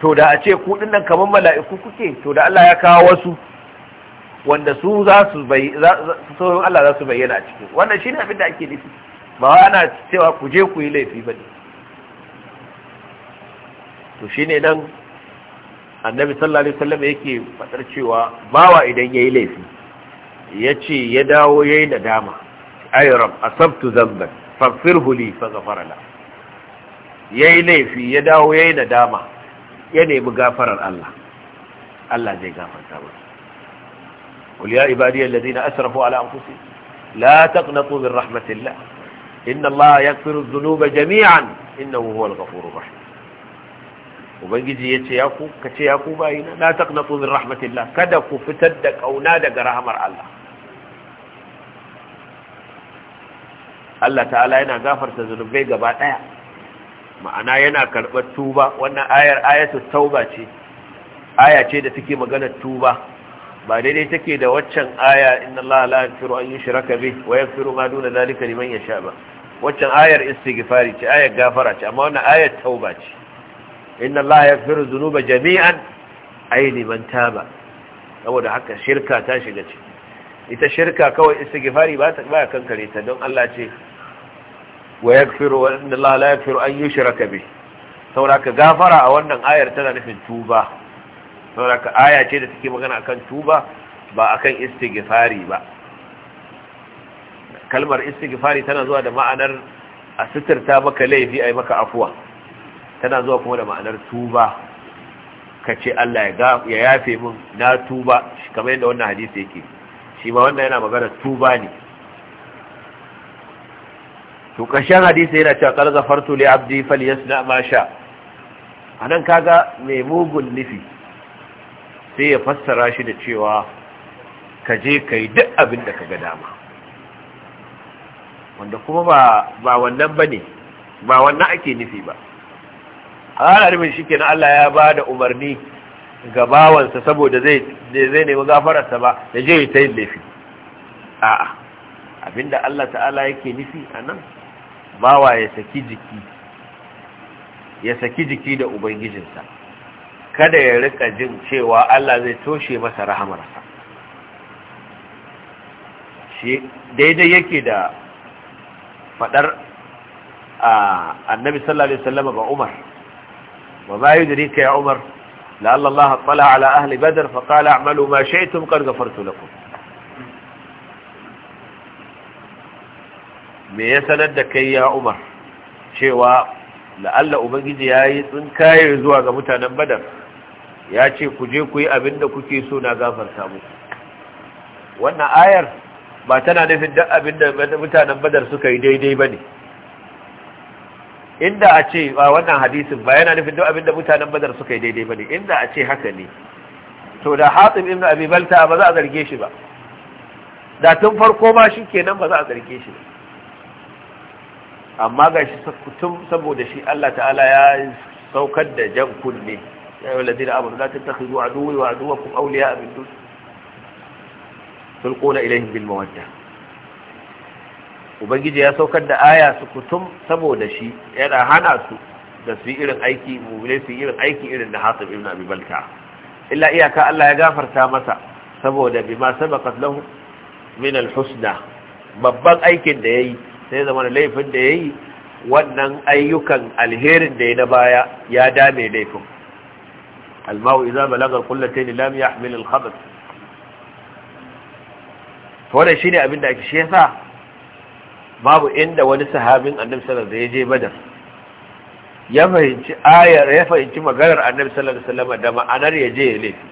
to da a ce ku dinnan kaman mala'iku kuke to da Allah ya kawo wasu wanda su za su sauran Allah za su bayyana a cikin wannan shi ne abin da ake nufi ba ana cewa ku je ku yi laifi ba ne to shi ne nan annabi sallallahu alaihi wasallam yake fadar cewa bawa idan ya yi laifi ya ce ya dawo ya yi nadama ayyarab asabtu zamban faffir huli fagafara la ya yi laifi ya dawo ya yi nadama ya nemi gafarar Allah Allah zai gafarta ba قل يا عبادي الذين أسرفوا على أنفسهم لا تقنطوا من رحمة الله إن الله يغفر الذنوب جميعا إنه هو الغفور الرحيم ubangiji yace ya ku ka ce ya ku bayina la taqnatu min rahmatillah kada ku fitar da kauna daga rahmar Allah Allah ta'ala yana gafarta zunubai gaba ɗaya. ma'ana yana karɓar tuba wannan ayar ayatu tauba ce aya ce da take magana tuba ba daidai take da waccan aya inna Allah la yaghfiru an yushraka bih wa yaghfiru ma duna zalika liman yasha ba waccan ayar istighfari ce ayar gafara ce amma wannan ayar tauba ce inna Allah yaghfiru dhunuba jami'an ay liman taba saboda haka shirka ta shiga ce ita shirka kawai istighfari ba ta ba kankare ta don Allah ce wa yaghfiru wa inna Allah la yaghfiru an yushraka saboda ka gafara a wannan ayar tana nufin tuba saboda ka aya ce da take magana akan tuba ba akan istighfari ba kalmar istighfari tana zuwa da ma'anar a sitirta maka laifi ai maka afuwa tana zuwa kuma da ma'anar tuba ka ce Allah ya yafe min na tuba kamar yadda wannan hadisi yake shi ma wannan yana magana tuba ne to kashin hadisi yana cewa qad zafartu li abdi falyasna ma sha anan kaga mai mugun nufi sai ya fassara shi da cewa ka je kai duk abin da kaga dama wanda kuma ba ba wannan bane ba wannan ake nufi ba al'armin shikenan Allah ya ba da umarni ga bawansa saboda zai zai nemi gafararsa ba da je yi ta yin laifi a'a abinda Allah ta'ala yake nufi anan bawa ya saki jiki ya saki jiki da ubangijinsa kada ya rika jin cewa Allah zai toshe masa rahamarsa shi daidai yake da fadar annabi sallallahu alaihi wasallam ga Umar wa ma yudrika ya Umar la'alla Allah tala ala ahli badr fa qala a'malu ma shaytum qad ghafartu lakum me ya sanar da kai ya umar cewa la'alla ubangiji ya yi tsinkaye zuwa ga mutanen badar ya ce ku je ku yi abin da kuke so na gafarta muku wannan ayar ba tana nufin duk abin da mutanen badar suka yi daidai ba ne inda a ce ba wannan hadisin ba yana nufin duk abin da mutanen badar suka yi daidai ba ne inda a ce haka ne to da hatsin ibn abi balta ba za a zarge shi ba da tun farko ma shi kenan ba za a zarge shi ba amma ga shi saboda shi Allah ta'ala ya saukar da jan kunne ya yi ladina amanu la tattakhidu aduwwi wa aduwwakum awliya min dun tulquna ilayhim bil mawadda ubangiji ya saukar da aya su kutum saboda shi yana hana su da su irin aiki mu'minai su irin aiki irin da Hasib ibn Abi Balta illa iyaka Allah ya gafarta masa saboda bima sabaqat lahu min al-husna babban aikin da yayi sai zama laifin da yayi wannan ayyukan alherin da ya na baya ya dame laifin almau idza balaga qullatayn lam yahmil alkhabath to wannan shine abin da ake shi yasa babu inda wani sahabin annabi sallallahu alaihi wasallam da je badar ya fahimci ayar ya fahimci maganar annabi sallallahu alaihi wasallam da ma'anar je ya laifi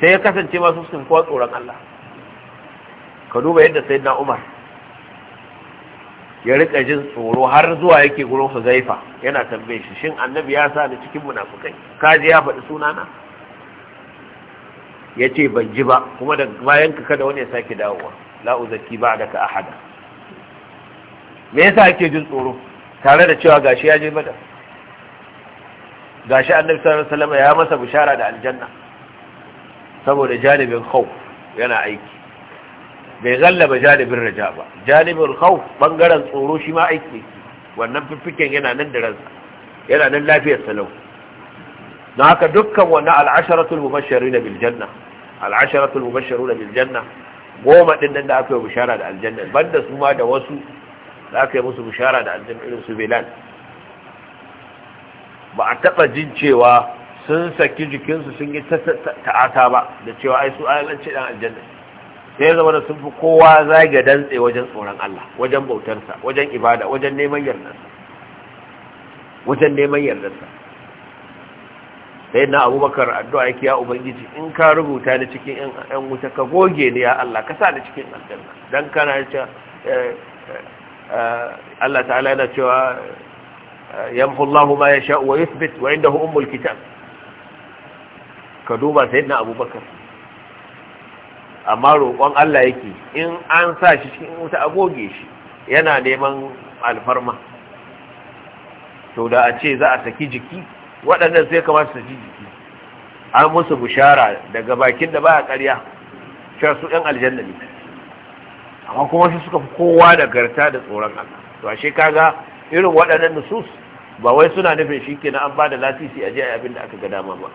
sai ya kasance masu sun kwa tsoron Allah ka duba yadda sayyidina Umar ya rika jin tsoro har zuwa yake gurin huzaifa yana tambaye shi shin annabi ya sa ni cikin munafukai kaji ya faɗi sunana ya ce ban ji ba kuma da bayan ka kada wani ya sake dawowa la'uzaki ba da ka ahada me yasa ake jin tsoro tare da cewa gashi ya je bada gashi annabi sallallahu alaihi wasallam ya masa bishara da aljanna saboda janibin khawf yana aiki bai gallaba janibin raja ba janibin khawf bangaren tsoro shi ma aiki wannan fiffiken yana nan da ransa yana nan lafiyar salau don haka dukkan wannan al'asharatul mubashsharuna bil janna al'asharatul mubashsharuna bil janna goma din nan da aka yi bishara da aljanna banda su ma da wasu da aka yi musu bishara da aljanna irin su bilal ba a taɓa jin cewa sun saki jikinsu sun yi ta'ata ba da cewa ai su ayyance dan aljanna sai zama da sun fi kowa zage dantse wajen tsoron Allah wajen bautarsa wajen ibada wajen neman yardarsa wajen neman yardarsa sai na abubakar addu'a yake ya ubangiji in ka rubuta ni cikin yan wuta ka goge ni ya Allah ka sa ni cikin aljanna dan kana ce eh, eh, Allah ta'ala yana cewa eh, yamhu Allah ma yasha wa yuthbit wa indahu umul kitab ka duba sayyidina abubakar amma roƙon Allah yake in an sa shi cikin wuta a goge shi yana neman alfarma to da a ce za a saki jiki waɗannan sai kamar su ji jiki an musu bushara daga bakin da ba a ƙarya cewa su ɗan aljanna ne amma kuma su suka fi kowa da garta da tsoron Allah to ashe kaga irin waɗannan nusus ba wai suna nufin shi kenan an ba da lasisi a je abin da aka ga dama ba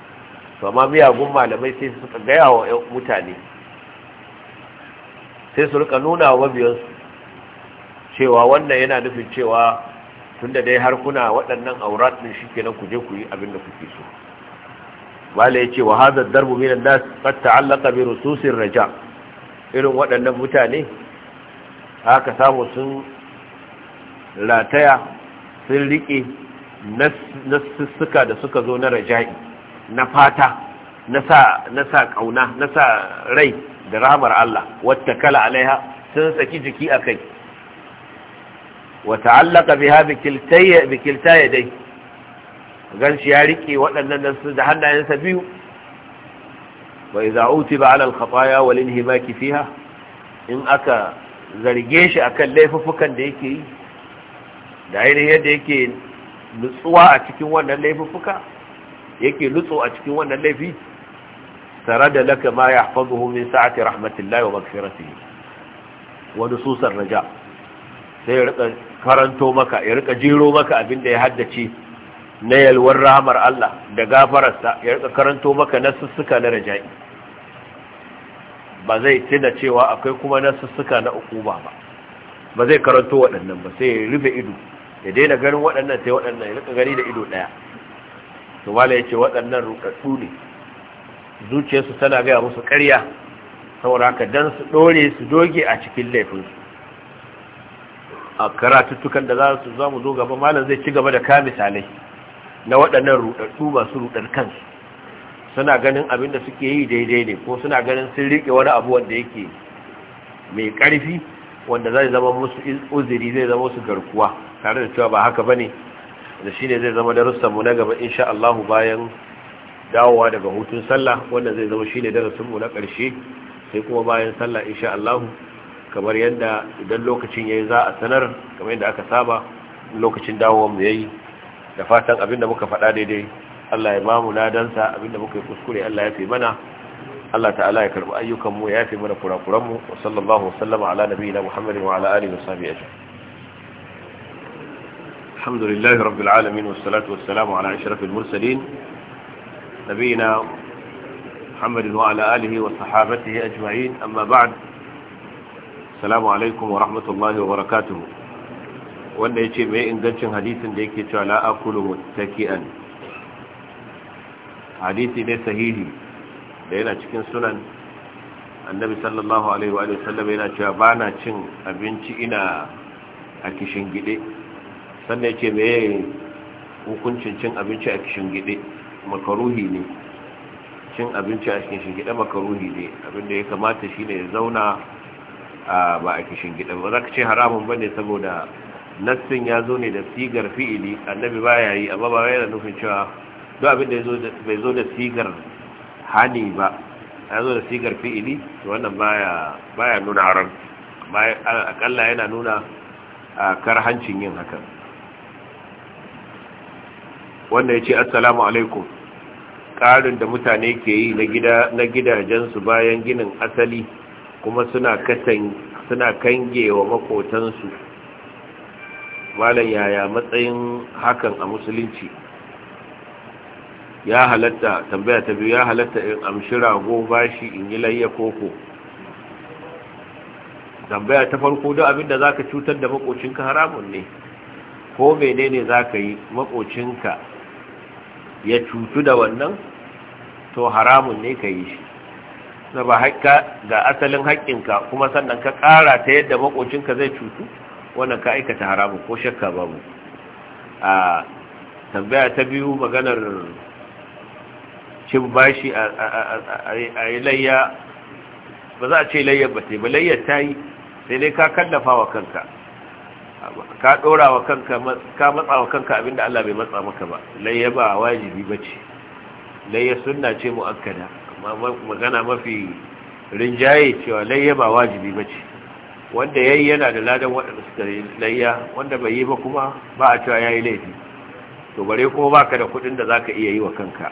to amma miyagun malamai sai suka gaya wa mutane sai su rika nuna wa mabiyansu cewa wannan yana nufin cewa tun da dai har kuna waɗannan aurat ɗin shi ke ku je ku yi abin da kuke so bala ya ce wa haza darbu min da nas ta'allaka bi rususin raja irin waɗannan mutane haka samu sun rataya sun riƙe, na sussuka da suka zo na raja'i na fata na sa kauna na sa rai da rahamar Allah wata kala alaiha sun saki jiki a kai wata allaka biha bikilta ya dai gan shi ya riƙe waɗannan da hannayensa biyu wa iza uti ba alal khataya wal himaki fiha in aka zarge shi akan laifukan da yake yi da ainihin yadda yake nutsuwa a cikin wannan laifuka yake nutso a cikin wannan laifi sarada laka ma yahfazuhu min sa'ati rahmatillahi wa maghfiratihi wa nususar raja sai ya rika karanto maka ya rika abinda ya haddace na yalwar rahmar Allah da gafararsa ya rika karanto maka na sussuka na raja'i ba zai tuna cewa akwai kuma na sussuka na ukuba ba ba zai karanto waɗannan ba sai ya rufe ido ya daina ganin waɗannan sai waɗannan ya rika gani da ido ɗaya to ya ce waɗannan rukattu ne zuciyarsu tana gaya musu karya saboda haka dan su dore su doge a cikin laifinsu a karatuttukan da za su za zo gaba malam zai ci gaba da ka misalai na waɗannan ruɗaɗɗu masu ruɗar kansu suna ganin abin da suke yi daidai ne ko suna ganin sun riƙe wani abu wanda yake mai ƙarfi wanda zai zama musu uziri zai zama musu garkuwa tare da cewa ba haka ba ne da shine zai zama darussanmu na gaba insha Allah bayan dawowa daga hutun sallah wanda zai zama shine darasinmu na ƙarshe sai kuma bayan sallah insha Allah kamar yadda idan lokacin yayi za a sanar kamar yadda aka saba lokacin dawowar mu yayi da fatan abinda muka faɗa daidai Allah ya mamu ladansa abinda muka yi kuskure Allah ya fi mana Allah ta'ala ya karbi ayyukan mu ya fi mana kurakuran mu wa sallallahu wa sallama ala nabiyina Muhammadin wa ala alihi wa sahbihi ajma'in alhamdulillahi rabbil alamin was salatu was salamu ala ashrafil mursalin نبينا محمد وعلى آله وصحابته أجمعين أما بعد السلام عليكم ورحمة الله وبركاته wanda ya ce mai ingancin hadisin da yake cewa la'akulu mutaki'an hadisi ne sahihi da yana cikin sunan annabi sallallahu alaihi wa sallam yana cewa bana na cin abinci ina a kishin gide sannan ya ce mai hukuncin cin abinci a kishin gide makaruhi ne cin abinci a cikin shingida makaruhi ne abinda ya kamata shi ya zauna ba a kishin gida ba za ka ce haramun ne saboda nassin ya zo ne da sigar fi'ili annabi ya yi amma ba yana nufin cewa duk abin da bai zo da sigar hani ba ya zo da sigar fi'ili to wannan ba ya nuna haram akalla yana nuna karhancin yin hakan Wannan ya ce assalamu alaikum ƙarin da mutane ke yi na gidajensu bayan ginin asali kuma suna kangewa makotansu malam yaya matsayin hakan a musulunci ya halatta tambaya ta biyu ya halatta in amshi rago bashi in yi layya koko tambaya ta farko don abinda za ka cutar da makocinka haramun ne ko menene za ka yi makocinka ya cutu da wannan to haramun ne ka yi shi ba haƙƙa ga asalin haƙƙinka kuma sannan ka ƙara ta yadda maƙocinka zai cutu wannan ka aikata haramun ko shakka mu a tambaya ta biyu maganar cin bashi a yi layya ba za a ce layyar ba sai ba layyar ta yi sai dai ka kallafa wa kanka ka ɗora wa kanka ka matsa wa kanka abinda Allah bai matsa maka ba layya ba wajibi ba ce. layya sunna ce muakkada amma magana mafi rinjaye cewa layya ba wajibi ba ce. wanda yayi yana da ladan waɗanda suka layya wanda bai yi ba kuma ba a cewa yayi laifi to bare kuma baka da kuɗin da zaka iya yi wa kanka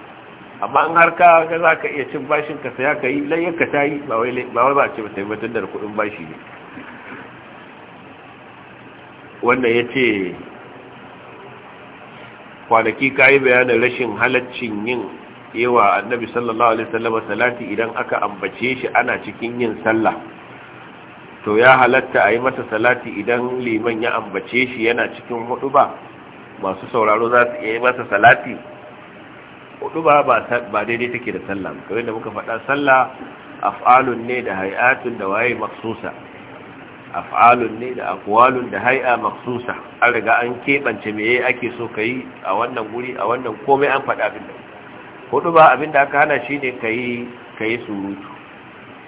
amma in har ka ga zaka iya cin bashin ka saya ka yi layya ka tayi ba ba wai ba ce ba sai mutun da kuɗin bashi ne Wannan ya ce kwanaki ka yi bayanin rashin halaccin yin yawa annabi sallallahu alaihi sallama salati idan aka ambace shi ana cikin yin sallah to ya halatta a yi masa salati idan liman ya ambace shi yana cikin hudu ba masu sauraro za su yi masa salati hudu ba ba daidai take da sallah kawai da muka faɗa sallah af'alun ne da hay'atun da waye maksusa af'alun ne da aqwalun da hay'a maksusa an riga an kebance meye ake so kai a wannan guri a wannan komai an faɗa abin da hudu ba abin da aka hana shi ne kai kai surutu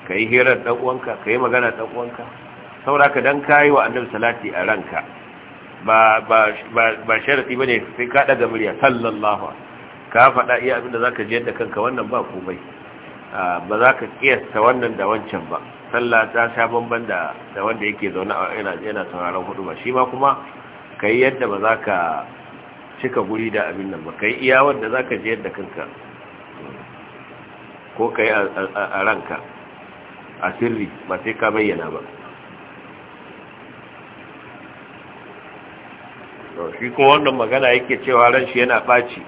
kai hirar dan uwanka kai magana dan uwanka sauraka dan kai wa annabi salati a ranka ba ba ba sharadi bane sai ka daga murya sallallahu ka faɗa iya abin da zaka ji da kanka wannan ba komai ah, ba za ka kiyasta wannan da wancan ba sallah ta sha bamban da da wanda yake zaune a yana yana sauraron hudu ba shi ma kuma kai yadda ba za ka cika guri da abin nan ba kai iya wanda za ka je yadda kanka ko kai a ranka a sirri ba sai ka bayyana ba shi kuma wannan magana yake cewa ran shi yana ɓaci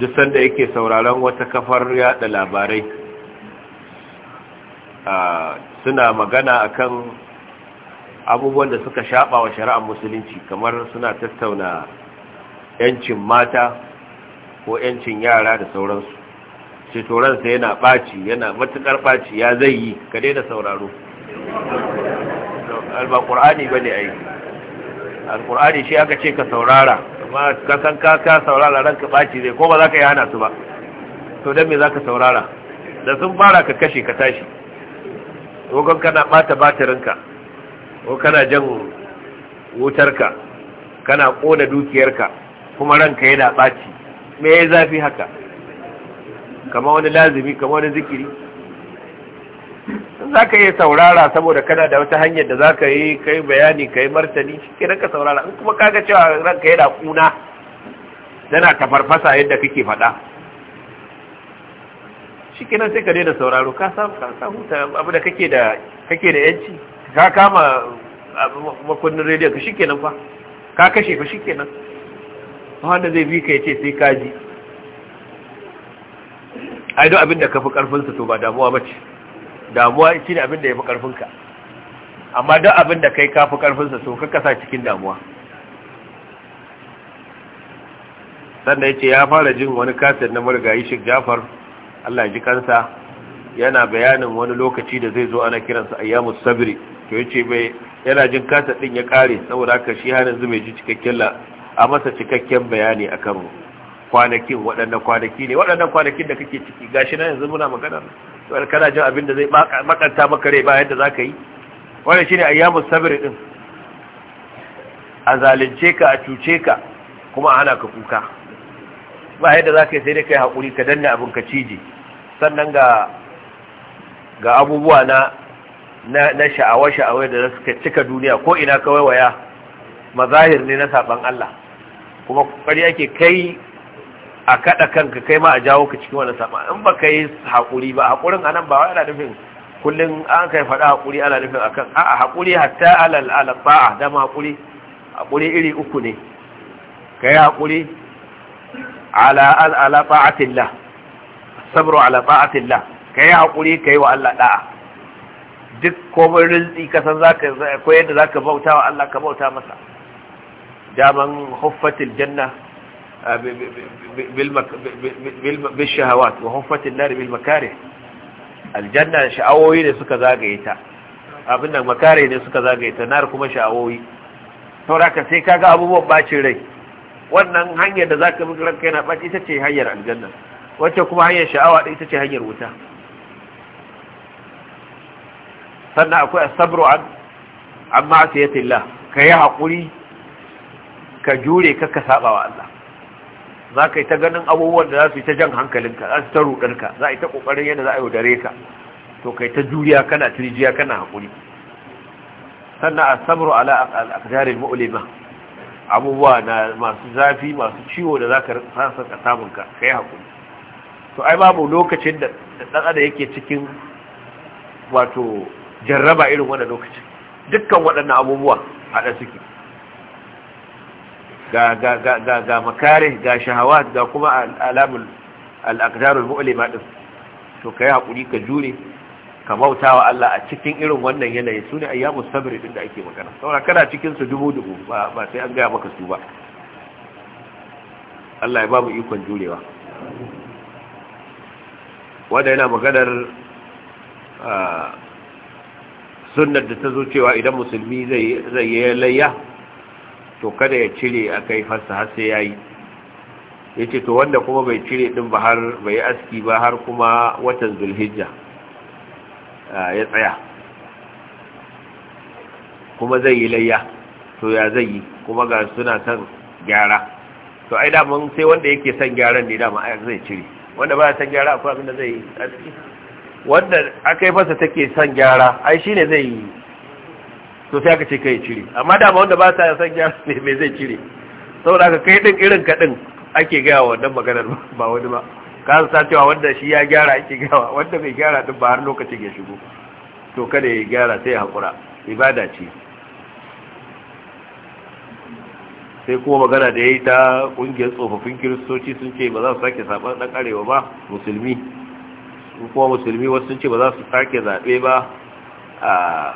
duk sanda yake sauraron wata kafar yada labarai suna magana akan abubuwan da suka shaɓa wa shari'ar musulunci kamar suna tattauna yancin mata ko yancin yara da sauransu cetoransa yana ɓaci yana matuƙar ɓaci ya zai yi ka daina sauraro alba ƙur'ani ba ne aiki alƙur'ani shi aka ce ka saurara amma kasan ka ka saurara ranka ɓaci zai ko ba za ka yi hana su ba to don me za ka saurara da sun fara ka kashe ka tashi kogon kana bata batirinka ko kana jan wutarka kana kona dukiyarka kuma ranka yana ɓaci me ya zafi haka kama wani lazimi kama wani zikiri za ka yi saurara saboda kana da wata hanyar da za ka yi kai bayani ka yi martani shi ka saurara in kuma kaga cewa ranka yana kuna tana tafarfasa yadda kake faɗa shikenan sai ka daina sauraro ka samu ka huta abu da kake da kake da yanci ka kama makonin rediyo ka shikenan fa ka kashe ka shikenan wanda zai bi ka yace sai ka ji ai duk abin da ka fi karfin sa to ba damuwa bace damuwa ne abin da ya fi karfin ka amma duk abin da kai ka fi karfin sa to ka kasa cikin damuwa sannan yace ya fara jin wani kaset na marigayi Sheikh Jafar Allah ji kansa yana bayanin wani lokaci da zai zo ana kiransa ayyamus sabri to yace bai yana jin kasa din ya kare saboda haka shi har yanzu mai ji cikakken la a masa cikakken bayani akan kwanakin waɗannan kwanaki ne waɗannan kwanakin da kake ciki gashi na yanzu muna magana to kana jin abin da zai makanta maka rai ba yadda zaka yi wannan shine ayyamus sabri din a zalunce ka a cuce ka kuma a hana ka kuka ba yadda za ka yi sai dai ka yi haƙuri ka danna abin ka cije sannan ga ga abubuwa na na sha'awa-sha'awa da suka cika duniya ko ina kawai waya mazahir ne na saban Allah kuma kokari yake kai a kada kanka kai ma a jawo ka cikin wannan saban in ba kai hakuri ba hakurin anan ba wai ana nufin kullun an kai faɗa hakuri ana nufin akan a'a hakuri hatta alal alaba'a da ma hakuri hakuri iri uku ne kai hakuri ala al alabatillah sabru ala ta'atillah kai hakuri kai wa Allah da'a duk komai rinzi ka san zaka ko yadda zaka bauta wa Allah ka bauta masa daman huffatil janna bil bil shahawat wa huffatil nar bil makarih aljanna sha'awoyi ne suka zagaye ta abin nan makare ne suka zagaye ta nar kuma sha'awoyi sauraka sai kaga abubuwan bacin rai wannan hanyar da zaka bi ranka yana baci ita ce hanyar aljanna wacce kuma hanyar sha'awa da ita ce hanyar wuta sannan akwai asabru an amma an ma'asiyatillah ka yi haƙuri ka jure ka ka saba wa Allah za ka yi ta ganin abubuwan da za su yi ta jan hankalinka za su ta rudarka za a yi ta ƙoƙarin yadda za a yi dare ka to ka yi ta juriya kana turjiya kana haƙuri sannan asabru ala al'aqdaril ma'ulima abubuwa na masu zafi masu ciwo da za ka samun ka kai haƙuri to ai babu lokacin da ɗanɗa da yake cikin wato jarraba irin wannan lokacin dukkan waɗannan abubuwa haɗa suke ga makare ga shahawat ga kuma alamun al'adarar mu'ulima maɗin to ka yi haƙuri ka jure ka bauta wa Allah a cikin irin wannan yanayi su ne ayyamu sabiri ɗin da ake magana saura kana su dubu-dubu ba sai an gaya maka su ba Allah ya ba mu ikon jurewa wanda yana maganar sunnar da ta zo cewa idan musulmi zai yi layya to kada ya cire a kai fasa har sai ya yi ya ce to wanda kuma bai cire din ba har bai aski ba har kuma watan zulhijja ya tsaya kuma zai yi layya to ya zai yi kuma ga suna son gyara to ai daman sai wanda yake son gyaran ne dama zai cire wanda ba san gyara akwai abin da zai yi aski wanda aka yi fasa take son gyara ai shine zai yi to sai aka ce kai cire amma da ba wanda ba sa son gyara (laughs) ne me zai cire saboda aka kai din irin din ake gaya wa wannan maganar ba wani ba ka san cewa wanda shi ya gyara ake gawa wanda bai gyara din ba har lokacin ya shigo to kada ya gyara sai ya hakura ibada ce sai kuma magana da ya yi ta ƙungiyar tsofaffin kiristoci sun ce ba za su sake saɓar ɗan arewa ba musulmi kuma musulmi wasu sun ce ba za su sake zaɓe ba a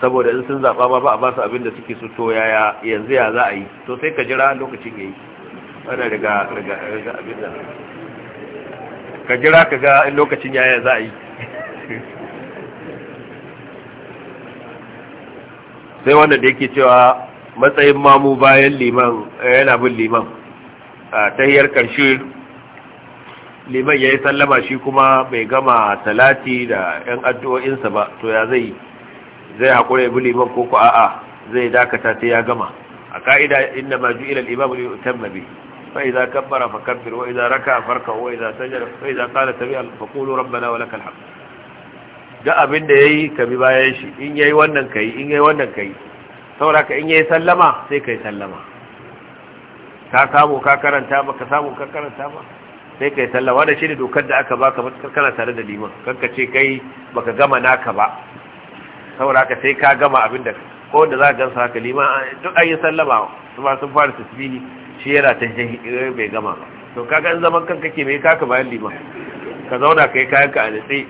saboda in sun zaɓa ba ba a ba su abin da suke su to yaya yanzu ya za a yi to sai ka jira lokacin ya yi wadda daga abin da ka jira ka ga in lokacin yaya za a yi (laughs) sai wanda da yake cewa matsayin mamu bayan liman eh, yana bin liman a tahiyar karshe liman ya yi sallama shi kuma bai gama talati da 'yan addu'o'insa ba to ya zai zai haƙura ya bi liman ko ku a'a zai dakata sai ya gama a ka'ida inda maju ilal imam ne utan mabi fa'i za kabbara fa kabbir wa iza raka farka wa iza sajar fa'i za kala tabi alfakulu rabbana wa lakal da abin da yayi ka bi bayan shi in yayi wannan kai in yayi wannan kai saboda ka in yayi sallama sai kai sallama ka samu ka karanta ba ka samu ka karanta ba sai kai sallama wanda shi ne dokar da aka baka matukar kana tare da liman kanka ce kai baka gama naka ba saboda ka sai ka gama abin da ko wanda za ka gansa haka liman duk an yi sallama su ma sun fara tasbihi shi yana ta eh, bai gama to kaga in zaman kanka ke mai kaka bayan liman ka zauna kai kayan ka a nitsi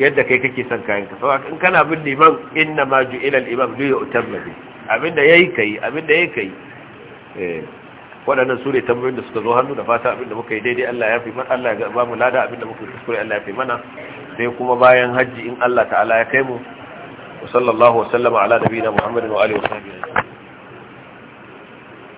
yadda kai kake son kayan ka sau in kana bin liman inna ma ju'ila al-imam li yu'tamma bi abinda yayi kai abinda yayi kai eh waɗannan su ne tambayoyin da suka zo hannu da fata abinda muka yi daidai Allah ya fi mana Allah ya ba mu lada abinda muka kuskure Allah ya fi mana sai kuma bayan haji in Allah ta'ala ya kai mu wa sallallahu wa sallama ala nabiyina Muhammadin wa alihi wa sahbihi